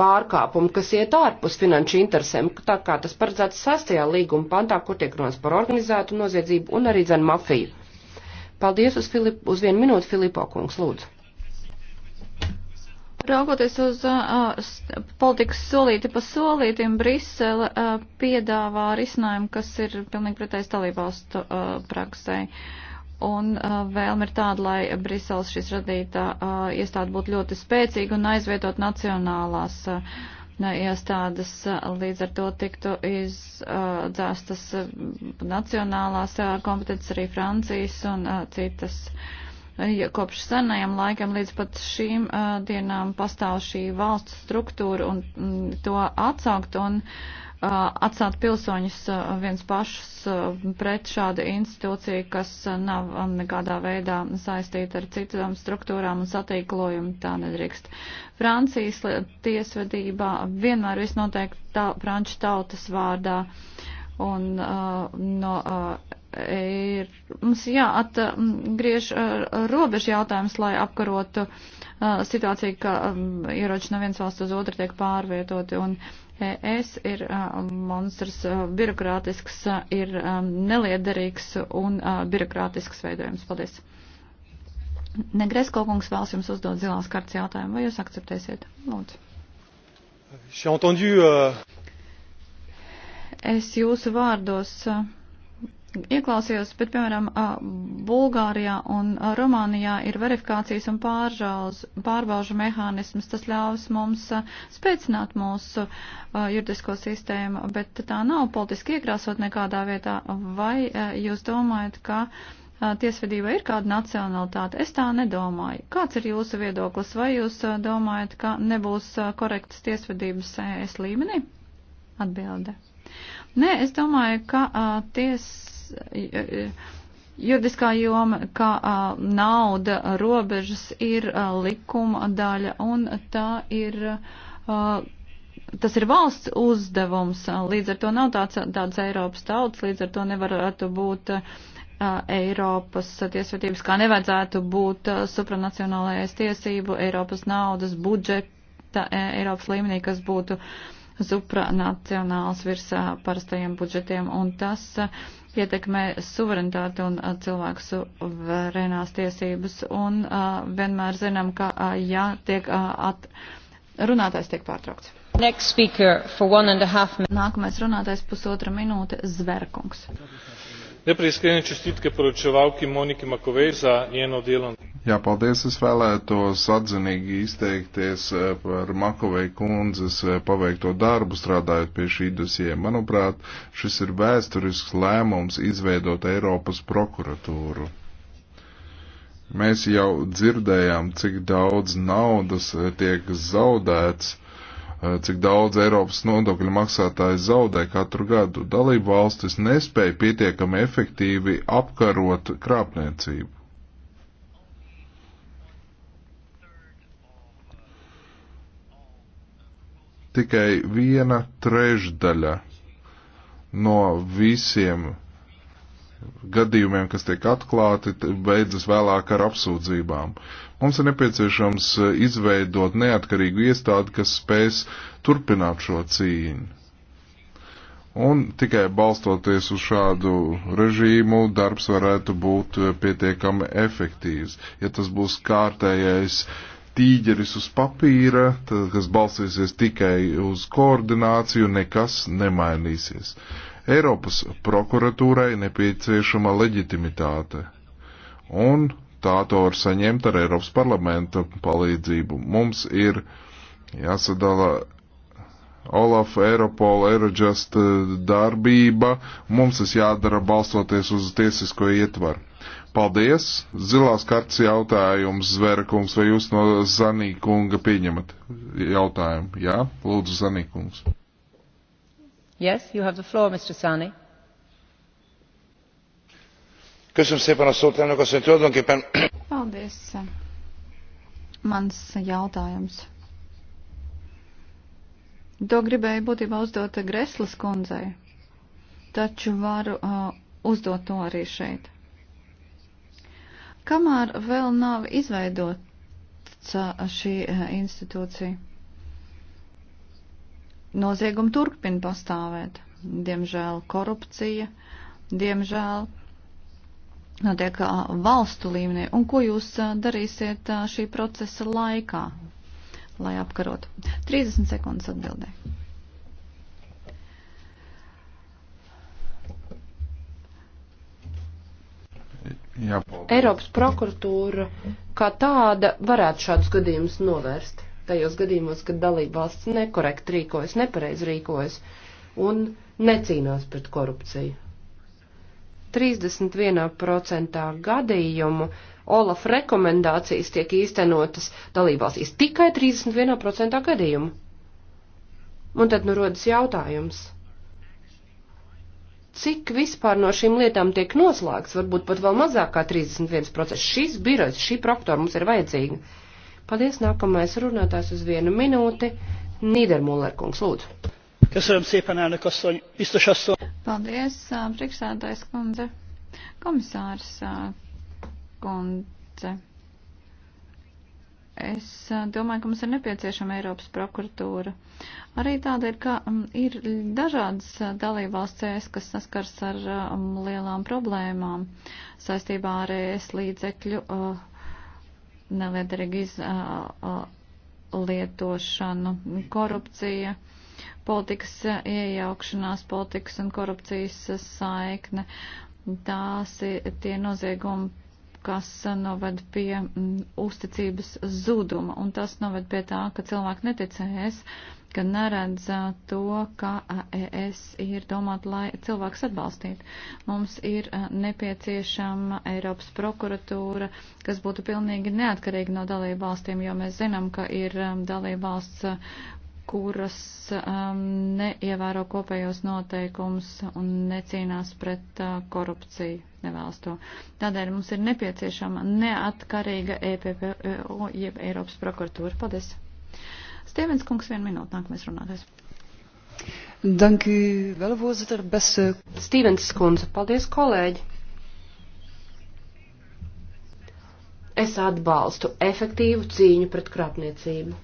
pārkāpumi, kas iet ārpus finanšu interesēm, tā kā tas paredzēts sastajā līguma pantā, kur tiek runas par organizētu noziedzību un arī dzen mafiju. Paldies uz, Filip, uz vienu minūti, Filipo kungs, lūdzu. Raugoties uz uh, politikas solīti pa solītim, Brisele uh, piedāvā risinājumu, kas ir pilnīgi pretējs dalībvalstu uh, praksē. Uh, un uh, vēlme ir tāda, lai Brisels šis radītā uh, iestāde būtu ļoti spēcīga un aizvietot nacionālās uh, iestādes, uh, līdz ar to tiktu izdzēstas uh, uh, nacionālās uh, kompetences arī Francijas un uh, citas. Ja kopš senajam laikam līdz pat šīm uh, dienām pastāv šī valsts struktūra un mm, to atsaukt un uh, atstāt pilsoņus viens pašus pret šādu institūciju, kas nav nekādā veidā saistīta ar citām struktūrām un satīklojumu, tā nedrīkst. Francijas tiesvedībā vienmēr viss notiek tā, franču tautas vārdā un uh, no. Uh, ir, mums jāatgriež robežu jautājums, lai apkarotu uh, situāciju, ka um, ieroči no vienas valsts uz otru tiek pārvietoti. Un ES ir uh, monstrs, uh, birokrātisks, uh, ir um, neliederīgs un uh, birokrātisks veidojums. Paldies. Negresko kungs vēlas jums uzdot zilās kartas jautājumu. Vai jūs akceptēsiet? Lūdzu. Entendu, uh... Es jūsu vārdos. Uh, ieklausījos, bet, piemēram, Bulgārijā un Rumānijā ir verifikācijas un pārbaužu mehānisms. Tas ļaus mums spēcināt mūsu juridisko sistēmu, bet tā nav politiski iekrāsot nekādā vietā. Vai jūs domājat, ka tiesvedība ir kāda nacionalitāte? Es tā nedomāju. Kāds ir jūsu viedoklis? Vai jūs domājat, ka nebūs korektas tiesvedības es līmenī? Atbilde. Nē, es domāju, ka uh, ties, juridiskā joma, kā nauda, robežas ir likuma daļa un tā ir. Tas ir valsts uzdevums, līdz ar to nav tāds, tāds Eiropas tauts, līdz ar to nevarētu būt uh, Eiropas tiesvedības, kā nevajadzētu būt supranacionālajais tiesību, Eiropas naudas budžeta, e, Eiropas līmenī, kas būtu uh, supranacionāls virs parastajiem budžetiem, un tas ietekmē suverenitāti un cilvēku suverēnās tiesības, un vienmēr zinām, ka jā, tiek at... runātājs tiek pārtraukts. Nākamais runātājs pusotra minūte - Zverkungs. Neprej iskrene čestitke poročevalki Moniki Makovej za njeno delo. Jā, paldies. Es vēlētos atzinīgi izteikties eh, par Makovei kundzes eh, paveikto darbu strādājot pie šī dosie. Manuprāt, šis ir vēsturisks lēmums izveidot Eiropas prokuratūru. Mēs jau dzirdējām, cik daudz naudas eh, tiek zaudēts cik daudz Eiropas nodokļu maksātājs zaudē katru gadu. Dalību valstis nespēja pietiekami efektīvi apkarot krāpniecību. tikai viena trešdaļa no visiem gadījumiem, kas tiek atklāti, beidzas vēlāk ar apsūdzībām. Mums ir nepieciešams e, izveidot neatkarīgu iestādi, kas spēs turpināt šo cīņu. Un tikai balstoties uz šādu režīmu, darbs varētu būt e, pietiekami efektīvs. Ja tas būs kārtējais uh, tīģeris uz papīra, tad, kas balstīsies tikai uz koordināciju, nekas nemainīsies. Eiropas prokuratūrai nepieciešama leģitimitāte, un tā to var saņemt ar Eiropas parlamenta palīdzību. Mums ir jāsadala Olaf, Eiropola, Eurojust eh, darbība, mums tas jādara balstoties uz tiesisko ietvaru. Paldies. Zilās kartas jautājums, Zverakungs, vai jūs no Zanīkunga pieņemat jautājumu? Jā, lūdzu, Zanīkungs. Yes, you have the floor, Mr. Sani. Köszönöm szépen a szót, elnök asszony. Tulajdonképpen... Paldies. Mans jautājums. To gribēju būtībā uzdot Greslas kundzei, taču varu uh, uzdot to arī šeit kamēr vēl nav izveidota šī institūcija. Noziegumi turpina pastāvēt. Diemžēl korupcija, diemžēl notiek valstu līmenī. Un ko jūs darīsiet šī procesa laikā, lai apkarotu? 30 sekundes atbildēju. Jā, paldies. Eiropas prokuratūra kā tāda varētu šādus gadījumus novērst. Tajos gadījumos, kad dalība valsts nekorekti rīkojas, nepareiz rīkojas un necīnās pret korupciju. 31% gadījumu Olaf rekomendācijas tiek īstenotas dalībvalstīs tikai 31% gadījumu. Un tad nu rodas jautājums cik vispār no šīm lietām tiek noslēgts, varbūt pat vēl mazāk kā 31%. Šis birojs, šī proktora mums ir vajadzīga. Paldies, nākamais runātājs uz vienu minūti. Nīdermullerkungs, lūdzu. Köszönöm szépen, elnök asszony, biztos asszony. Paldies, priekšsēdājs kundze, komisārs kundze. Es eh, domāju, ka mums ir nepieciešama Eiropas prokuratūra. Arī tādēļ, ka mm, ir dažādas eh, dalībvalsts ES, kas saskars ar eh, mm, lielām problēmām saistībā ar ES līdzekļu neliederīgu izlietošanu, korupcija politikas iejaukšanās, politikas un korupcijas saikne. Tās ir tie noziegumi, kas noved pie mm, uzticības zuduma, un tas noved pie tā, ka cilvēki neticēs, ka neredz to, ka ES ir domāt, lai cilvēks atbalstītu. Mums ir nepieciešama Eiropas prokuratūra, kas būtu pilnīgi neatkarīga no dalību valstīm, jo mēs zinām, ka ir dalību valsts, kuras um, neievēro kopējos noteikumus un necīnās pret uh, korupciju, nevēlas to. Tādēļ mums ir nepieciešama neatkarīga EPPO, uh, jeb Eiropas prokuratūra. Paldies! Stevens kungs, vienu minūtu, nākamais runātājs. Dank u wel, voorzitter, beste. Stevens kundze, paldies, kolēģi! Es atbalstu efektīvu cīņu pret krāpniecību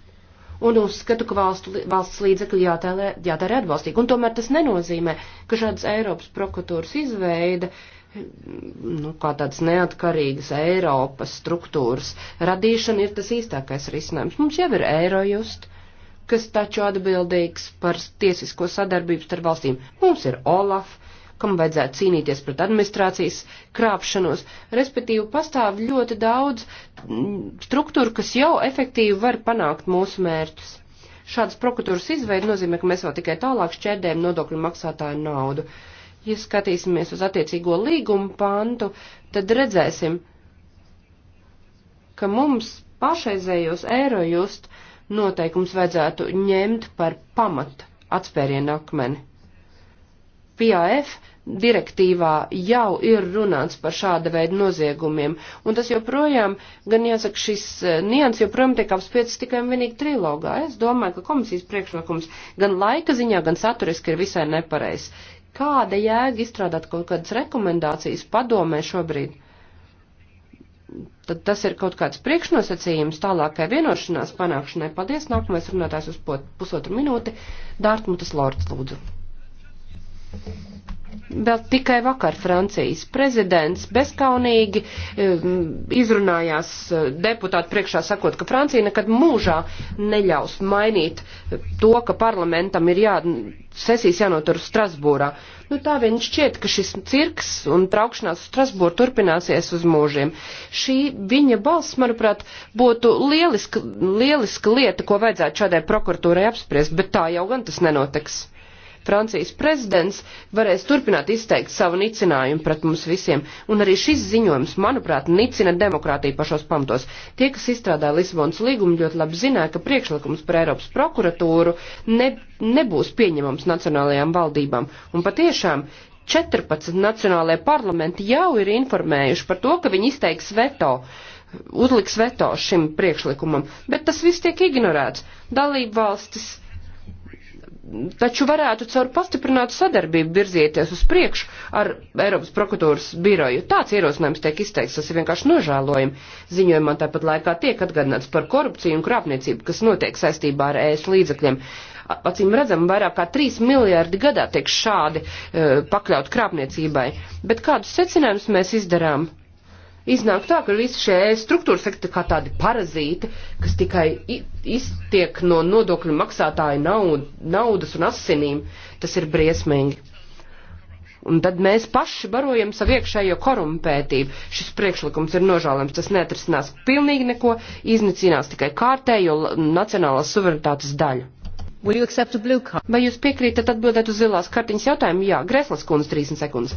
un uzskatu, ka valstu, valsts līdzekļi jātērē, jātērē atbalstīgi. Un tomēr tas nenozīmē, ka šādas Eiropas prokuratūras izveida nu, kā tādas neatkarīgas Eiropas struktūras radīšana ir tas īstākais risinājums. Mums jau ir Eirojust, kas taču atbildīgs par tiesisko sadarbību starp valstīm. Mums ir Olaf, uh, kam vajadzētu cīnīties pret administrācijas krāpšanos. Respektīvi, pastāv ļoti daudz mm, struktūru, kas jau efektīvi var panākt mūsu mērķus. Šādas prokuratūras izveida nozīmē, ka mēs vēl tikai tālāk šķērdējam nodokļu maksātāju naudu. Ja skatīsimies uz attiecīgo līgumu pantu, tad redzēsim, ka mums pašreizējos eirojust noteikums vajadzētu ņemt par pamatu atspērienu akmeni. PAF direktīvā jau ir runāts par šāda veida noziegumiem, un tas joprojām, gan jāsaka, šis eh, nians joprojām tiek apspiecis tikai un vienīgi trilogā. Es domāju, ka komisijas priekšlikums gan laika ziņā, gan saturiski ir visai nepareizs. Kāda jēga izstrādāt kaut kādas rekomendācijas padomē šobrīd? Tad tas ir kaut kāds priekšnosacījums tālākai vienošanās panākšanai. Paldies, nākamais runātājs uz pusotru minūti. Dārtmutas Lords, lūdzu. Vēl tikai vakar Francijas prezidents bezkaunīgi eh, izrunājās eh, deputātu priekšā sakot, ka Francija nekad mūžā neļaus mainīt to, ka parlamentam ir jā, sesijas jānotur Strasbūrā. Nu, tā vien šķiet, ka šis cirks un traukšanās Strasbūru turpināsies uz mūžiem. Šī viņa balss, manuprāt, būtu lieliska, lieliska lieta, ko vajadzētu šādai prokuratūrai apspriest, bet tā jau gan tas nenotiks. Francijas prezidents varēs turpināt izteikt savu nicinājumu pret mums visiem. Un arī šis ziņojums, manuprāt, nicina demokrātiju pašos pamatos. Tie, kas izstrādāja Lisbonas līgumu, ļoti labi zināja, ka priekšlikums par Eiropas prokuratūru ne, nebūs pieņemams nacionālajām valdībām. Un patiešām 14 nacionālajie parlamenti jau ir informējuši par to, ka viņi izteiks veto uzliks veto šim priekšlikumam, bet tas viss tiek ignorēts. Dalību valstis taču varētu caur pastiprinātu sadarbību virzieties uz priekšu ar Eiropas prokuratūras biroju. Tāds ierosinājums tiek izteikts, tas ir vienkārši nožēlojami. Ziņojumā tāpat laikā tiek atgādināts par korupciju un krāpniecību, kas notiek saistībā ar ēst līdzekļiem acīm redzam, vairāk kā 3 miljārdi gadā tiek šādi uh, pakļaut krāpniecībai. Bet kādus secinājumus mēs izdarām? iznāk tā, ka visi šie struktūras ir kā tādi parazīti, kas tikai iztiek no nodokļu maksātāju naud, naudas un asinīm. Tas ir briesmīgi. Un tad mēs paši barojam savu iekšējo korumpētību. Šis priekšlikums ir nožēlams. Tas neatrisinās pilnīgi neko, iznīcinās tikai kārtējo nacionālās suverenitātes daļu. Vai jūs piekrītat atbildēt uz zilās kartiņas jautājumu? Jā, Greslas kundze, 30 sekundes.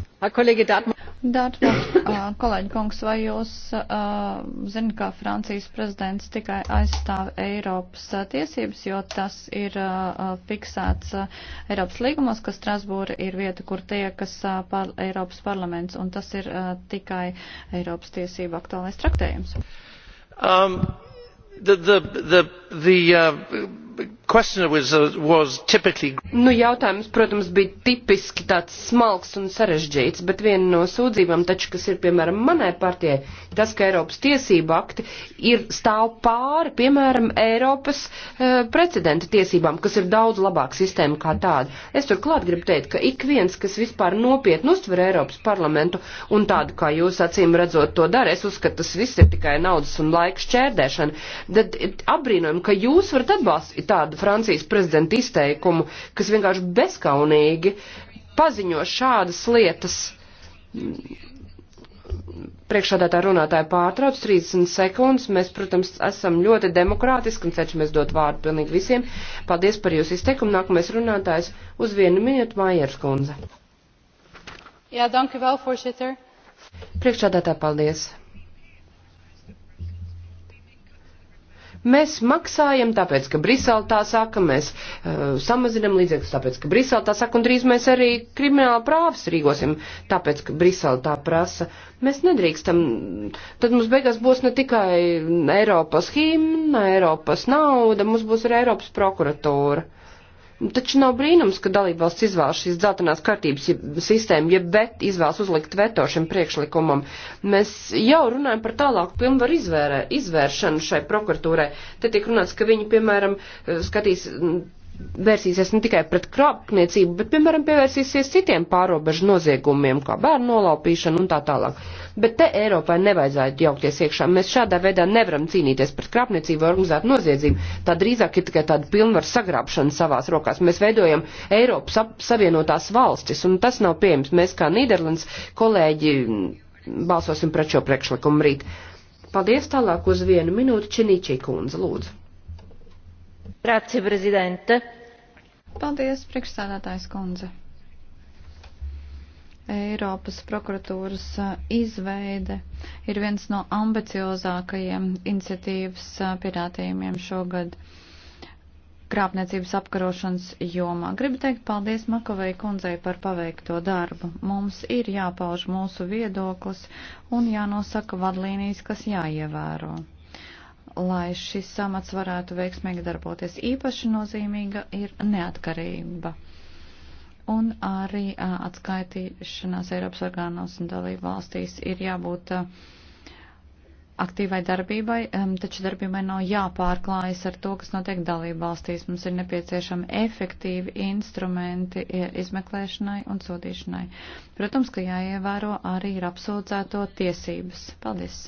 Dārtmut, kolēģi kungs, vai jūs uh, zinat, kā Francijas prezidents tikai aizstāv Eiropas tiesības, jo tas ir uh, fiksēts uh, Eiropas līgumos, ka Strasbūra ir vieta, kur tiekas uh, par Eiropas parlaments, un tas ir uh, tikai Eiropas tiesība aktuālais traktējums? Um, the, the, the, the, uh, Uh, typically... Nu, jautājums, protams, bija tipiski tāds smalks un sarežģīts, bet viena no sūdzībām, taču, kas ir, piemēram, manai partijai, tas, ka Eiropas tiesība akti ir stāv pāri, piemēram, Eiropas e, precedenta tiesībām, kas ir daudz labāka sistēma kā tāda. Es turklāt gribu teikt, ka ik viens, kas vispār nopietni uztver Eiropas parlamentu un tādu, kā jūs acīm redzot to dara, es uzskatu, tas viss ir tikai naudas un laika šķērdēšana, tad eh, apbrīnojam, ka jūs varat atbalstīt tādu Francijas prezidenta izteikumu, kas vienkārši bezkaunīgi paziņo šādas lietas. Priekšādātā runātāja pārtrauc 30 sekundes. Mēs, protams, esam ļoti demokrātiski un cenšamies dot vārdu pilnīgi visiem. Paldies par jūsu izteikumu. Nākamais runātājs uz vienu minūtu Mājers kundze. Jā, danke vēl, foršiter. Priekšādātā paldies. Mēs maksājam, tāpēc, ka Brisele tā saka, mēs uh, samazinam līdzekļus, tāpēc, ka Brisele tā saka, un drīz mēs arī krimināli prāvas rīkosim, tāpēc, ka Brisele tā prasa. Mēs nedrīkstam, tad mums beigās būs ne tikai Eiropas himna, Eiropas nauda, mums būs arī Eiropas prokuratūra. Uh, Taču nav brīnums, ka dalībvalsts izvēlas šīs dzeltenās kārtības sistēmu, ja bet izvēlas uzlikt veto šim priekšlikumam. Mēs jau runājam par tālāku pilnvaru izvērē, izvēršanu šai prokuratūrai. Te tiek runāts, ka viņi, piemēram, eh, skatīs vērsīsies ne tikai pret krāpniecību, bet, piemēram, pievērsīsies citiem pārobežu noziegumiem, kā bērnu nolaupīšanu un tā tālāk. Bet te Eiropai nevajadzētu jaukties iekšā. Mēs šādā veidā nevaram cīnīties pret krāpniecību, organizētu noziedzību. Tā drīzāk ir tikai tāda pilnvaru sagrābšana savās rokās. Mēs veidojam Eiropas Savienotās valstis, un tas nav pieejams. Mēs kā Nīderlands kolēģi balsosim pret šo priekšlikumu rīt. Paldies tālāk uz vienu minūti Činīčī kundze, lūdzu. Grazie, prezidente. Paldies, priekšsādātājs kundze. Eiropas prokuratūras izveide ir viens no ambiciozākajiem iniciatīvas pierādījumiem šogad krāpniecības apkarošanas jomā. Gribu teikt paldies Makovei kundzei par paveikto darbu. Mums ir jāpauž mūsu viedoklis un jānosaka vadlīnijas, kas jāievēro. Lai šis samats varētu veiksmīgi darboties, īpaši nozīmīga ir neatkarība un arī atskaitīšanās Eiropas orgānos un dalību valstīs ir jābūt aktīvai darbībai, taču darbībai nav jāpārklājas ar to, kas notiek dalību valstīs. Mums ir nepieciešami efektīvi instrumenti izmeklēšanai un sodīšanai. Protams, ka jāievēro arī ir apsūdzēto tiesības. Paldies!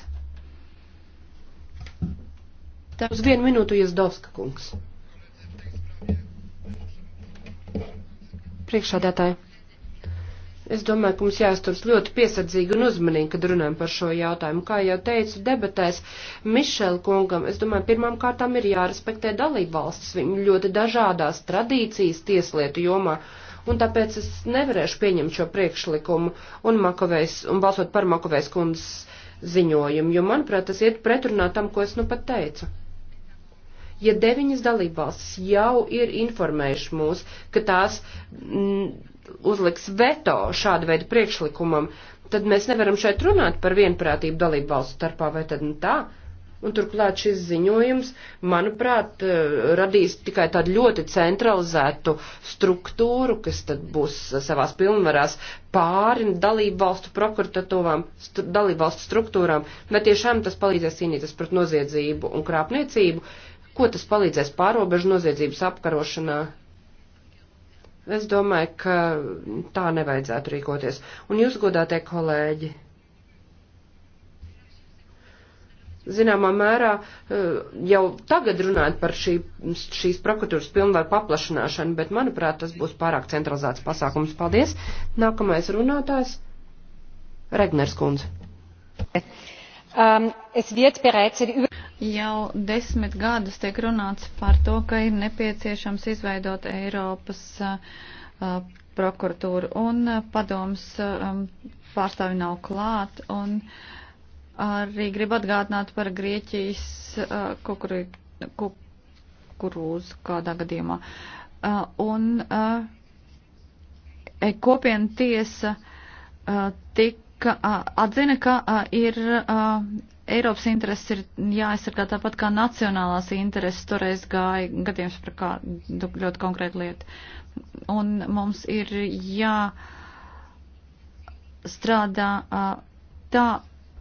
Tā uz vienu minūtu iesdovska kungs. Priekšādātāji, es domāju, ka mums jāsturs ļoti piesardzīgi un uzmanīgi, kad runājam par šo jautājumu. Kā jau teicu debatēs Mišela kungam, es domāju, pirmām kārtām ir jārespektē dalību valstis, viņu ļoti dažādās tradīcijas tieslietu jomā un tāpēc es nevarēšu pieņemt šo priekšlikumu un, Makovejs, un balsot par Makovēs kundzes ziņojumu, jo, manuprāt, tas iet pretrunā tam, ko es nu pat teicu ja deviņas dalībvalstis jau ir informējuši mūs, ka tās m, mm, uzliks veto šādu veidu priekšlikumam, tad mēs nevaram šeit runāt par vienprātību dalībvalstu starpā, vai tad nu tā? Un turklāt šis ziņojums, manuprāt, eh, radīs tikai tādu ļoti centralizētu struktūru, kas tad būs savās pilnvarās pāri dalību valstu prokuratūvām, st dalību valstu struktūrām, bet tiešām tas palīdzēs cīnīties pret noziedzību un krāpniecību, Ko tas palīdzēs pārobežu noziedzības apkarošanā? Es domāju, ka tā nevajadzētu rīkoties. Un jūs, godātie kolēģi, zināmā mērā eh, jau tagad runājot par šī, šīs prokuratūras pilnvaru paplašināšanu, bet, manuprāt, tas būs pārāk centralizēts pasākums. Paldies! Nākamais runātājs - Regners Kundze. Um, Jau desmit gadus tiek runāts par to, ka ir nepieciešams izveidot Eiropas uh, uh prokuratūru un uh, padoms um, pārstāvi nav klāt. Un arī gribu atgādināt par Grieķijas uh, kukuru, kukurūzu kādā gadījumā. Uh, un uh, e, kopiena tiesa uh, tik ka atzina, ka ir Eiropas intereses ir jāaizsargā tāpat kā nacionālās intereses. Toreiz gāja gadījums par kādu ļoti konkrētu lietu. Un mums ir jāstrādā tā,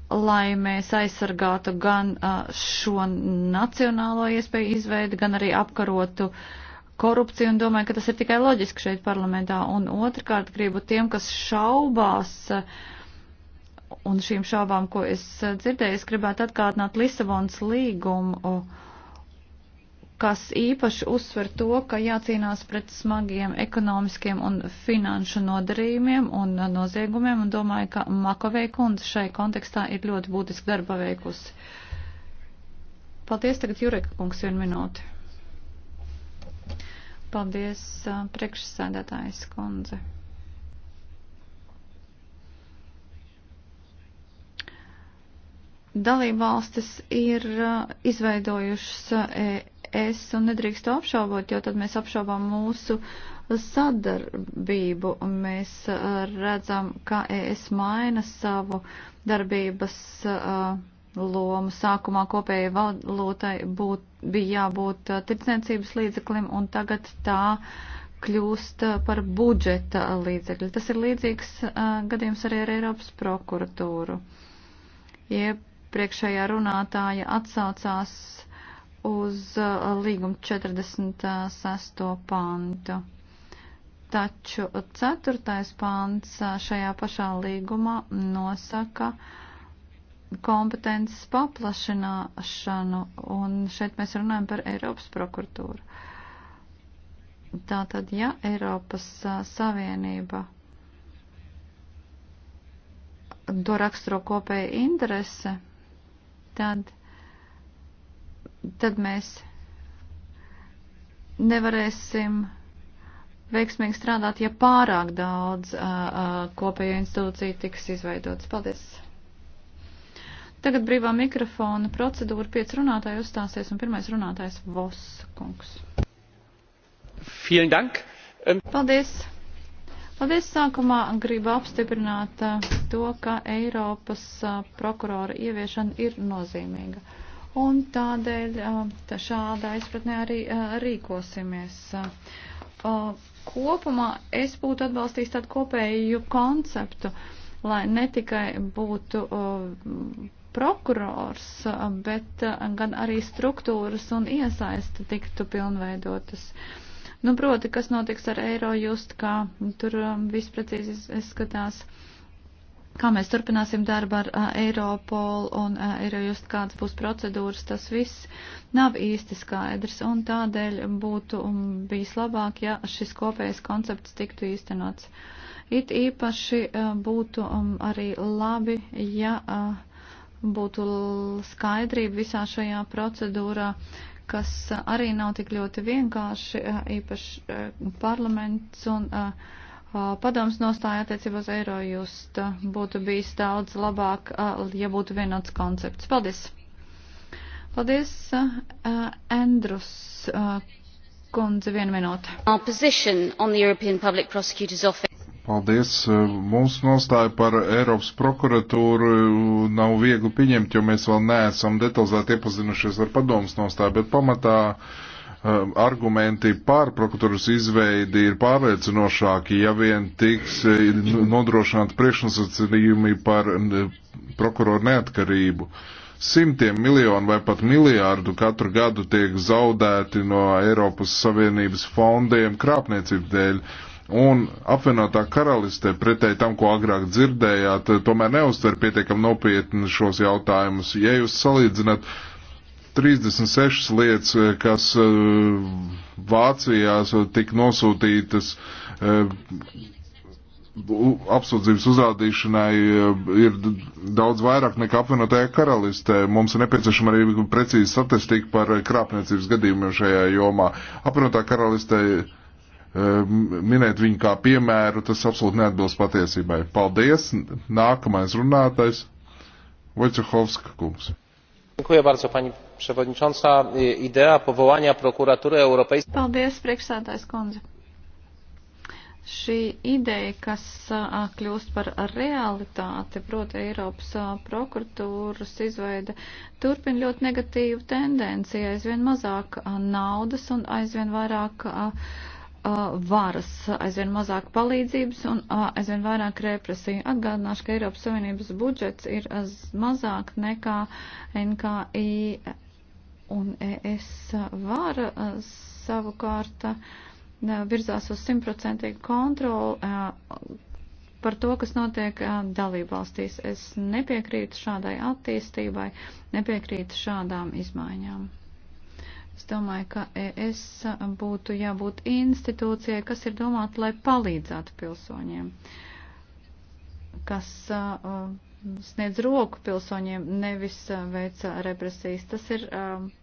lai mēs aizsargātu gan šo nacionālo iespēju izveidi, gan arī apkarotu korupciju un domāju, ka tas ir tikai loģiski šeit parlamentā. Un otrkārt gribu tiem, kas šaubās, uh, un šīm šaubām, ko es eh, dzirdēju, es gribētu atgādināt Lisabons līgumu, kas īpaši uzsver to, ka jācīnās pret smagiem ekonomiskiem un finanšu nodarījumiem un eh, noziegumiem, un domāju, ka Makovei kundze šai kontekstā ir ļoti būtiski darba veikusi. Paldies, tagad Jureka kungs vienu minūti. Paldies, eh, priekšsēdētājs kundze. Dalībvalstis ir uh, izveidojušas uh, es un nedrīkst to apšaubot, jo tad mēs apšaubām mūsu sadarbību. Mēs uh, redzam, ka ES maina savu darbības lomu. Sākumā kopējai valūtai būt, bija jābūt tirdzniecības līdzeklim un tagad tā kļūst par budžeta līdzekļu. Tas ir līdzīgs gadījums arī ar Eiropas prokuratūru. Jeb Priekšējā runātāja atsaucās uz uh, līguma 46. pantu. Taču 4. pants uh, šajā pašā līgumā nosaka kompetences paplašināšanu, un šeit mēs runājam par Eiropas prokuratūru. Tātad, ja Eiropas uh, Savienība to raksturo kopēja interese, tad, tad mēs nevarēsim veiksmīgi strādāt, ja pārāk daudz uh, uh, kopējo institūciju tiks izveidotas. Paldies! Tagad brīvā mikrofona procedūra. Piec runātāji uzstāsies un pirmais runātājs Voskungs. Vielen dank! Ähm, Paldies! Paldies sākumā. Gribu apstiprināt eh, to, ka Eiropas eh, prokurora ieviešana ir nozīmīga. Un tādēļ eh, tā šādā izpratnē arī rīkosimies. Kopumā es būtu atbalstījis tādu kopēju konceptu, lai ne tikai būtu prokurors, bet gan arī struktūras un iesaista tiktu pilnveidotas. Uh, Nu, proti, kas notiks ar eiro just, kā tur um, viss precīzi izskatās. Kā mēs turpināsim darbu ar uh, Eiropolu un uh, Eirojust, kādas būs procedūras, tas viss nav īsti skaidrs. Un tādēļ būtu um, bijis labāk, ja šis kopējais koncepts tiktu īstenots. It īpaši uh, būtu um, arī labi, ja uh, būtu skaidrība visā šajā procedūrā, kas uh, arī nav tik ļoti vienkārši, uh, īpaši uh, parlaments un padoms nostāja attiecībā uz eiro just būtu bijis daudz labāk, ja būtu vienots koncepts. Paldies! Paldies, Andrus kundze, vienu minūtu. Paldies. Mūsu nostāja par Eiropas prokuratūru nav viegli pieņemt, jo mēs vēl neesam detalizēti iepazinušies ar padomus nostāju, bet pamatā um, argumenti par prokuratūras izveidi ir pārliecinošāki, ja vien tiks nu, nodrošināt priekšnosacījumi par prokuroru neatkarību. Simtiem miljonu vai pat miljārdu katru gadu tiek zaudēti no Eiropas Savienības fondiem krāpniecību dēļ Un apvienotā karaliste pretēji tam, ko agrāk dzirdējāt, tomēr neuztver pietiekam nopietni šos jautājumus. Ja jūs salīdzinat 36 lietas, kas eh, Vācijās tika nosūtītas eh, apsūdzības uzrādīšanai eh, ir daudz vairāk nekā apvienotajā karalistē. Mums ir nepieciešama arī precīza statistika par krāpniecības gadījumiem šajā jomā. Apvienotā karalistē Eh, minēt viņu kā piemēru, tas absolūti neatbilst patiesībai. Paldies! Nākamais runātais - Vojcehovska kungs. Pani przewodnicząca! Idea powołania prokuratury europejskiej. Paldies, priekšsēdājs kundze. Šī ideja, kas kļūst par realitāti, proti Eiropas prokuratūras izveida, turpina ļoti negatīvu tendenci, aizvien mazāk naudas un aizvien vairāk uh, uh, varas, aizvien mazāk palīdzības un uh, aizvien vairāk represiju. Atgādināšu, ka Eiropas Savienības budžets ir mazāk nekā NKI un ES vara uh, savukārt uh, virzās uz simtprocentīgu kontroli. Uh, par to, kas notiek dalībvalstīs. Es nepiekrītu šādai attīstībai, nepiekrītu šādām izmaiņām. Es domāju, ka ES būtu jābūt institūcijai, kas ir domāta, lai palīdzētu pilsoņiem, kas uh, sniedz roku pilsoņiem, nevis veica represijas. Tas ir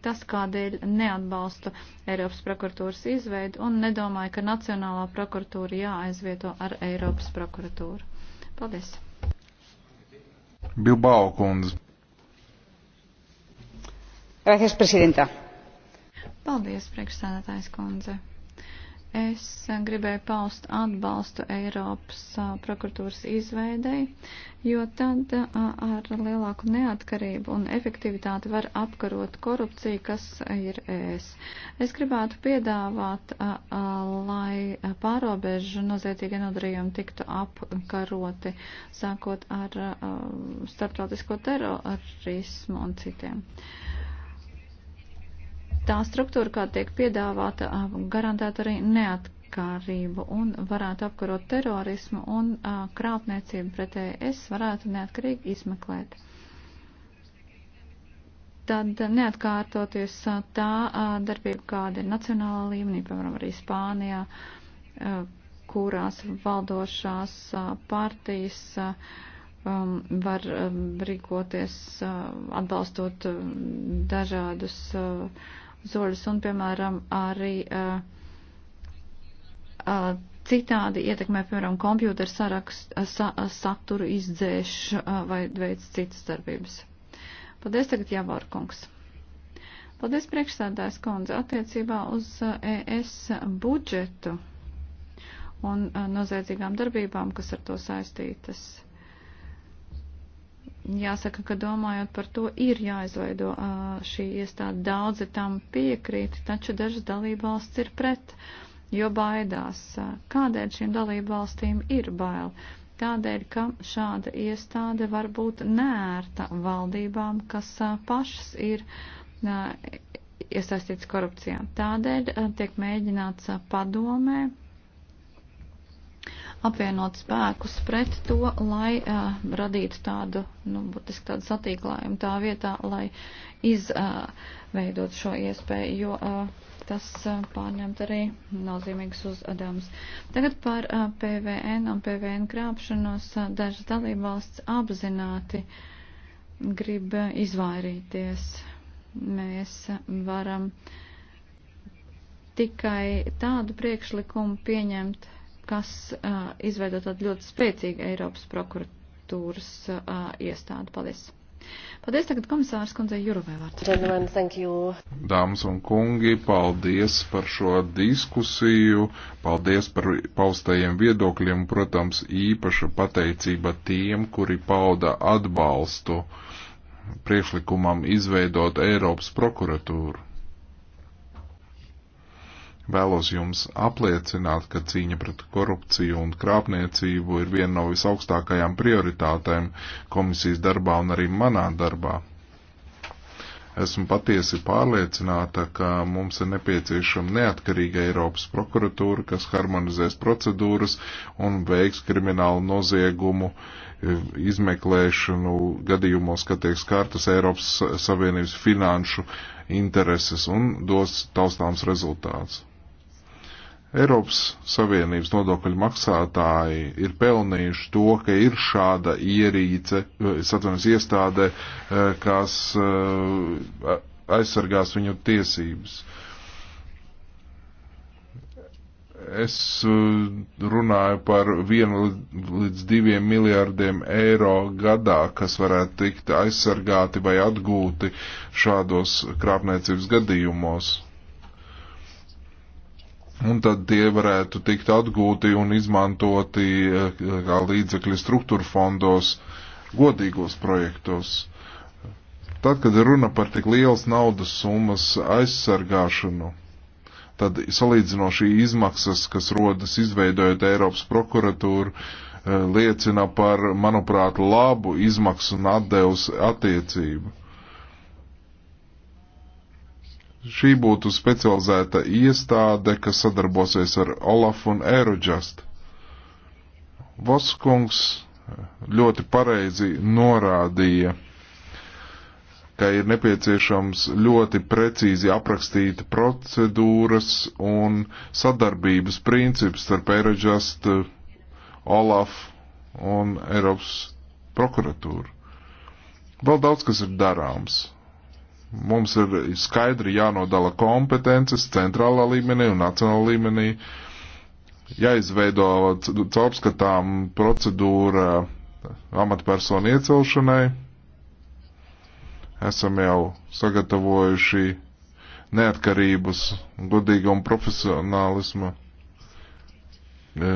tas, kādēļ neatbalstu Eiropas prokuratūras izveidu un nedomāju, ka Nacionālā prokuratūra jāaizvieto ar Eiropas prokuratūru. Paldies. Bilbao kundze. Gracias, presidenta. Paldies, priekšsēdētājs kundze. Es eh, gribēju paust atbalstu Eiropas eh, prokuratūras izveidei, jo tad eh, ar lielāku neatkarību un efektivitāti var apkarot korupciju, kas ir ES. Es gribētu piedāvāt, lai pārobežu noziedzīgi nodarījumi tiktu apkaroti, sākot ar starptautisko terorismu un citiem. Uh, tā struktūra, kā tiek piedāvāta, garantētu arī neatkarību un varētu apkarot terorismu un krāpniecību pretēji es varētu neatkarīgi izmeklēt tad neatkārtoties tā darbība, kāda ir nacionālā līmenī, piemēram, arī Spānijā, kurās valdošās partijas um, var rīkoties atbalstot dažādus uh, zoļus un, piemēram, arī uh, uh, citādi ietekmē, piemēram, kompjūter sarakstu, sa, saturu izdzēš uh, vai veids citas darbības. Paldies tagad Javārkungs. Paldies priekšsēdājs kundze attiecībā uz ES budžetu un noziedzīgām darbībām, kas ar to saistītas jāsaka, ka domājot par to, ir jāizveido šī iestāde. Daudzi tam piekrīt, taču dažas dalībvalsts ir pret, jo baidās. Kādēļ šīm dalībvalstīm ir bail? Tādēļ, ka šāda iestāde var būt nērta valdībām, kas pašas ir iesaistīts korupcijā. Tādēļ tiek mēģināts padomē apvienot spēkus pret to, lai uh, radītu tādu, nu, būtiski tādu satīklājumu tā vietā, lai izveidot eh, uh, šo iespēju, jo uh, tas uh, pārņemt arī nozīmīgs uzdevumus. Tagad par uh, PVN un PVN krāpšanos uh, dažas dalībvalsts apzināti grib uh, izvairīties. Mēs uh, varam tikai tādu priekšlikumu pieņemt kas uh, izveido tādu ļoti spēcīgu Eiropas prokuratūras uh, iestādi. Paldies! Paldies tagad komisārs kundzei Jurovai vārdu. Dāmas un kungi, paldies par šo diskusiju, paldies par paustajiem viedokļiem, protams, īpaša pateicība tiem, kuri pauda atbalstu priekšlikumam izveidot Eiropas prokuratūru. Vēlos jums apliecināt, ka cīņa pret korupciju un krāpniecību ir viena no visaugstākajām prioritātēm komisijas darbā un arī manā darbā. Esmu patiesi pārliecināta, ka mums ir nepieciešama neatkarīga Eiropas prokuratūra, kas harmonizēs procedūras un veiks kriminālu noziegumu eh, izmeklēšanu gadījumos, kad tiek skārtas Eiropas Savienības finanšu intereses un dos taustāms rezultāts. Eiropas Savienības nodokļu maksātāji ir pelnījuši to, ka ir šāda ierīce, satvenas iestāde, eh, kas eh, aizsargās viņu tiesības. Es eh, runāju par vienu līdz diviem miljārdiem eiro gadā, kas varētu tikt aizsargāti vai atgūti šādos krāpniecības gadījumos un tad tie varētu tikt atgūti un izmantoti eh, kā līdzekļi struktūra fondos, godīgos projektos. Tad, kad runa par tik lielas naudas summas aizsargāšanu, tad salīdzinošī izmaksas, kas rodas izveidojot Eiropas prokuratūru, eh, liecina par, manuprāt, labu izmaksu un atdevs attiecību šī būtu specializēta iestāde, kas sadarbosies ar Olaf un Eurojust. Voskungs ļoti pareizi norādīja, ka ir nepieciešams ļoti precīzi aprakstīt procedūras un sadarbības princips starp Eurojust, Olaf un Eiropas prokuratūru. Vēl daudz kas ir darāms, Mums ir skaidri jānodala kompetences centrālā līmenī un nacionālā līmenī, jāizveido caurskatām procedūra amatpersonu iecelšanai. Esam jau sagatavojuši neatkarības, godīga un profesionālisma e,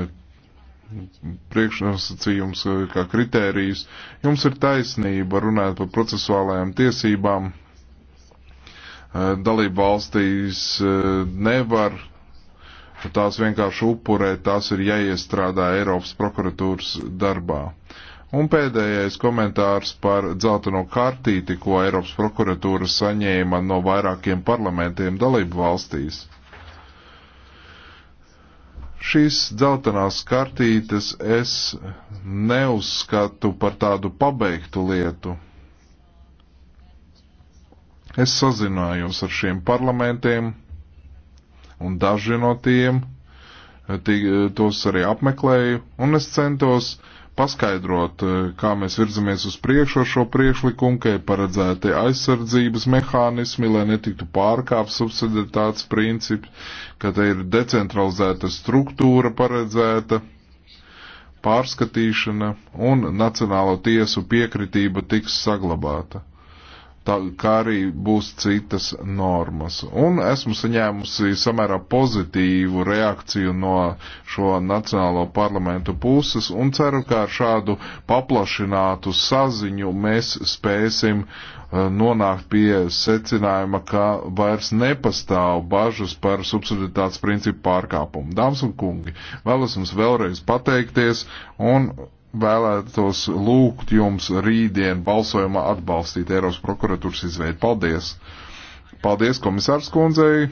priekšnosacījums e, kā kritērijus. Jums ir taisnība runāt par procesuālajām tiesībām. Eh, dalību valstīs eh, nevar tās vienkārši upurēt, tās ir jāiestrādā Eiropas prokuratūras darbā. Un pēdējais komentārs par dzelteno kartīti, ko Eiropas prokuratūra saņēma no vairākiem parlamentiem dalību valstīs. Šīs dzeltenās kartītes es neuzskatu par tādu pabeigtu lietu. Es sazinājos ar šiem parlamentiem, un daži no tiem eh, eh, tos arī apmeklēju, un es centos paskaidrot, eh, kā mēs virzamies uz priekšu ar šo priekšlikumu, ka ir paredzēti aizsardzības mehānismi, lai netiktu pārkāpts subsidiatāts princips, ka te ir decentralizēta struktūra paredzēta, pārskatīšana un nacionālo tiesu piekritība tiks saglabāta tā, kā arī būs citas normas. Un esmu saņēmusi samērā pozitīvu reakciju no šo nacionālo parlamentu puses un ceru, ka ar šādu paplašinātu saziņu mēs spēsim eh, nonākt pie secinājuma, ka vairs nepastāv bažas par subsidiatātes principu pārkāpumu. Dāmas un kungi, vēlas jums vēlreiz pateikties un vēlētos lūgt jums rītdien balsojumā atbalstīt Eiropas prokuratūras izveidu. Paldies! Paldies komisārs kundzei!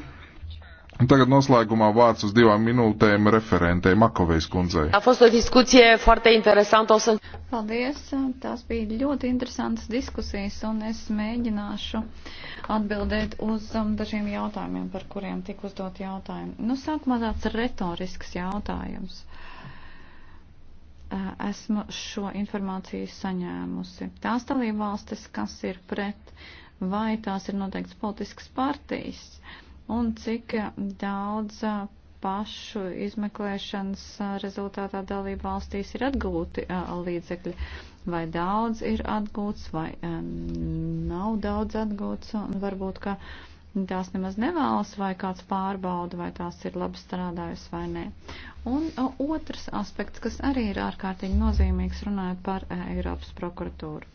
Un tagad noslēgumā vārds uz divām minūtēm referentei Makovejas kundzei. Paldies, tās bija ļoti interesantas diskusijas un es mēģināšu atbildēt uz um, dažiem jautājumiem, par kuriem tik uzdot jautājumi. Nu, sākumā tāds retorisks jautājums. Uh, Eh, esmu šo informāciju saņēmusi. Tās dalība valstis, kas ir pret, vai tās ir noteikts politiskas partijas, un cik daudz eh, pašu izmeklēšanas eh, rezultātā dalība valstīs ir atgūti līdzekļi, vai daudz ir atgūts, vai nav daudz atgūts, un varbūt, ka. Kā tās nemaz nevēlas, vai kāds pārbauda, vai tās ir labi strādājusi vai nē. Un o, otrs aspekts, kas arī ir ārkārtīgi nozīmīgs, runājot par e, Eiropas prokuratūru.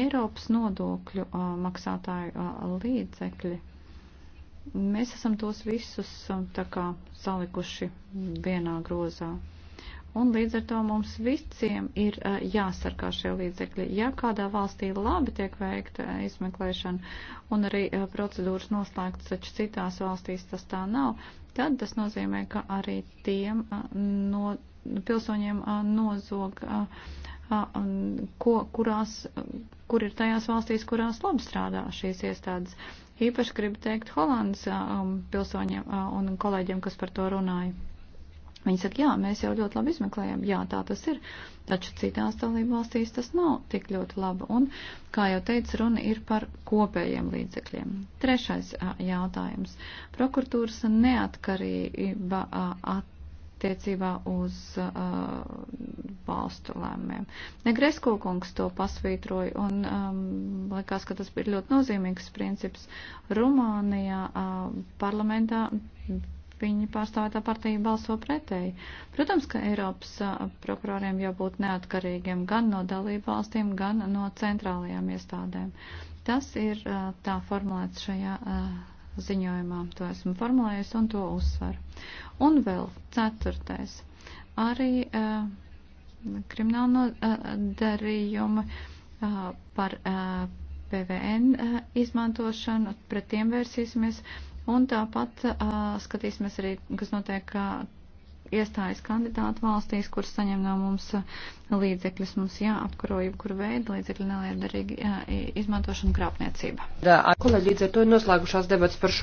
Eiropas nodokļu o, maksātāju o, līdzekļi. Mēs esam tos visus o, tā kā salikuši vienā grozā. Un līdz ar to mums visiem ir eh, jāsargā šie līdzekļi. Ja kādā valstī labi tiek veikta eh, izmeklēšana un arī eh, procedūras noslēgtas, taču citās valstīs tas tā nav, tad tas nozīmē, ka arī tiem no, pilsoņiem nozog, ko, kurās, kur ir tajās valstīs, kurās labi strādā šīs iestādes. Īpaši gribu teikt Holandas um, pilsoņiem un kolēģiem, kas par to runāja Viņi saka, jā, mēs jau ļoti labi izmeklējam, jā, tā tas ir, taču citās dalību valstīs tas nav tik ļoti labi. Un, kā jau teicu, runa ir par kopējiem līdzekļiem. Trešais jautājums. Prokuratūras neatkarība attiecībā uz valstu lēmumiem. Negresko kungs to pasvītroja un um, likās, ka tas bija ļoti nozīmīgs princips. Rumānijā uh, parlamentā viņa pārstāvētā partija balso pretēji. Protams, ka Eiropas prokuroriem jābūt neatkarīgiem gan no dalību valstīm, gan no centrālajām iestādēm. Tas ir tā formulēts šajā ziņojumā. To esmu formulējusi un to uzsveru. Un vēl ceturtais. Arī krimināla nodarījuma par PVN izmantošanu, pret tiem vērsīsimies. Uh, Un tāpat uh, skatīsimies arī, kas notiek uh, iestājas kandidātu valstīs, kuras saņem no mums līdzekļus. Mums jāapkaro jebkuru veidu līdzekļu neliederīgi izmantošana krāpniecība. Kolēģi, līdz ar to ir noslēgušās debats par šo.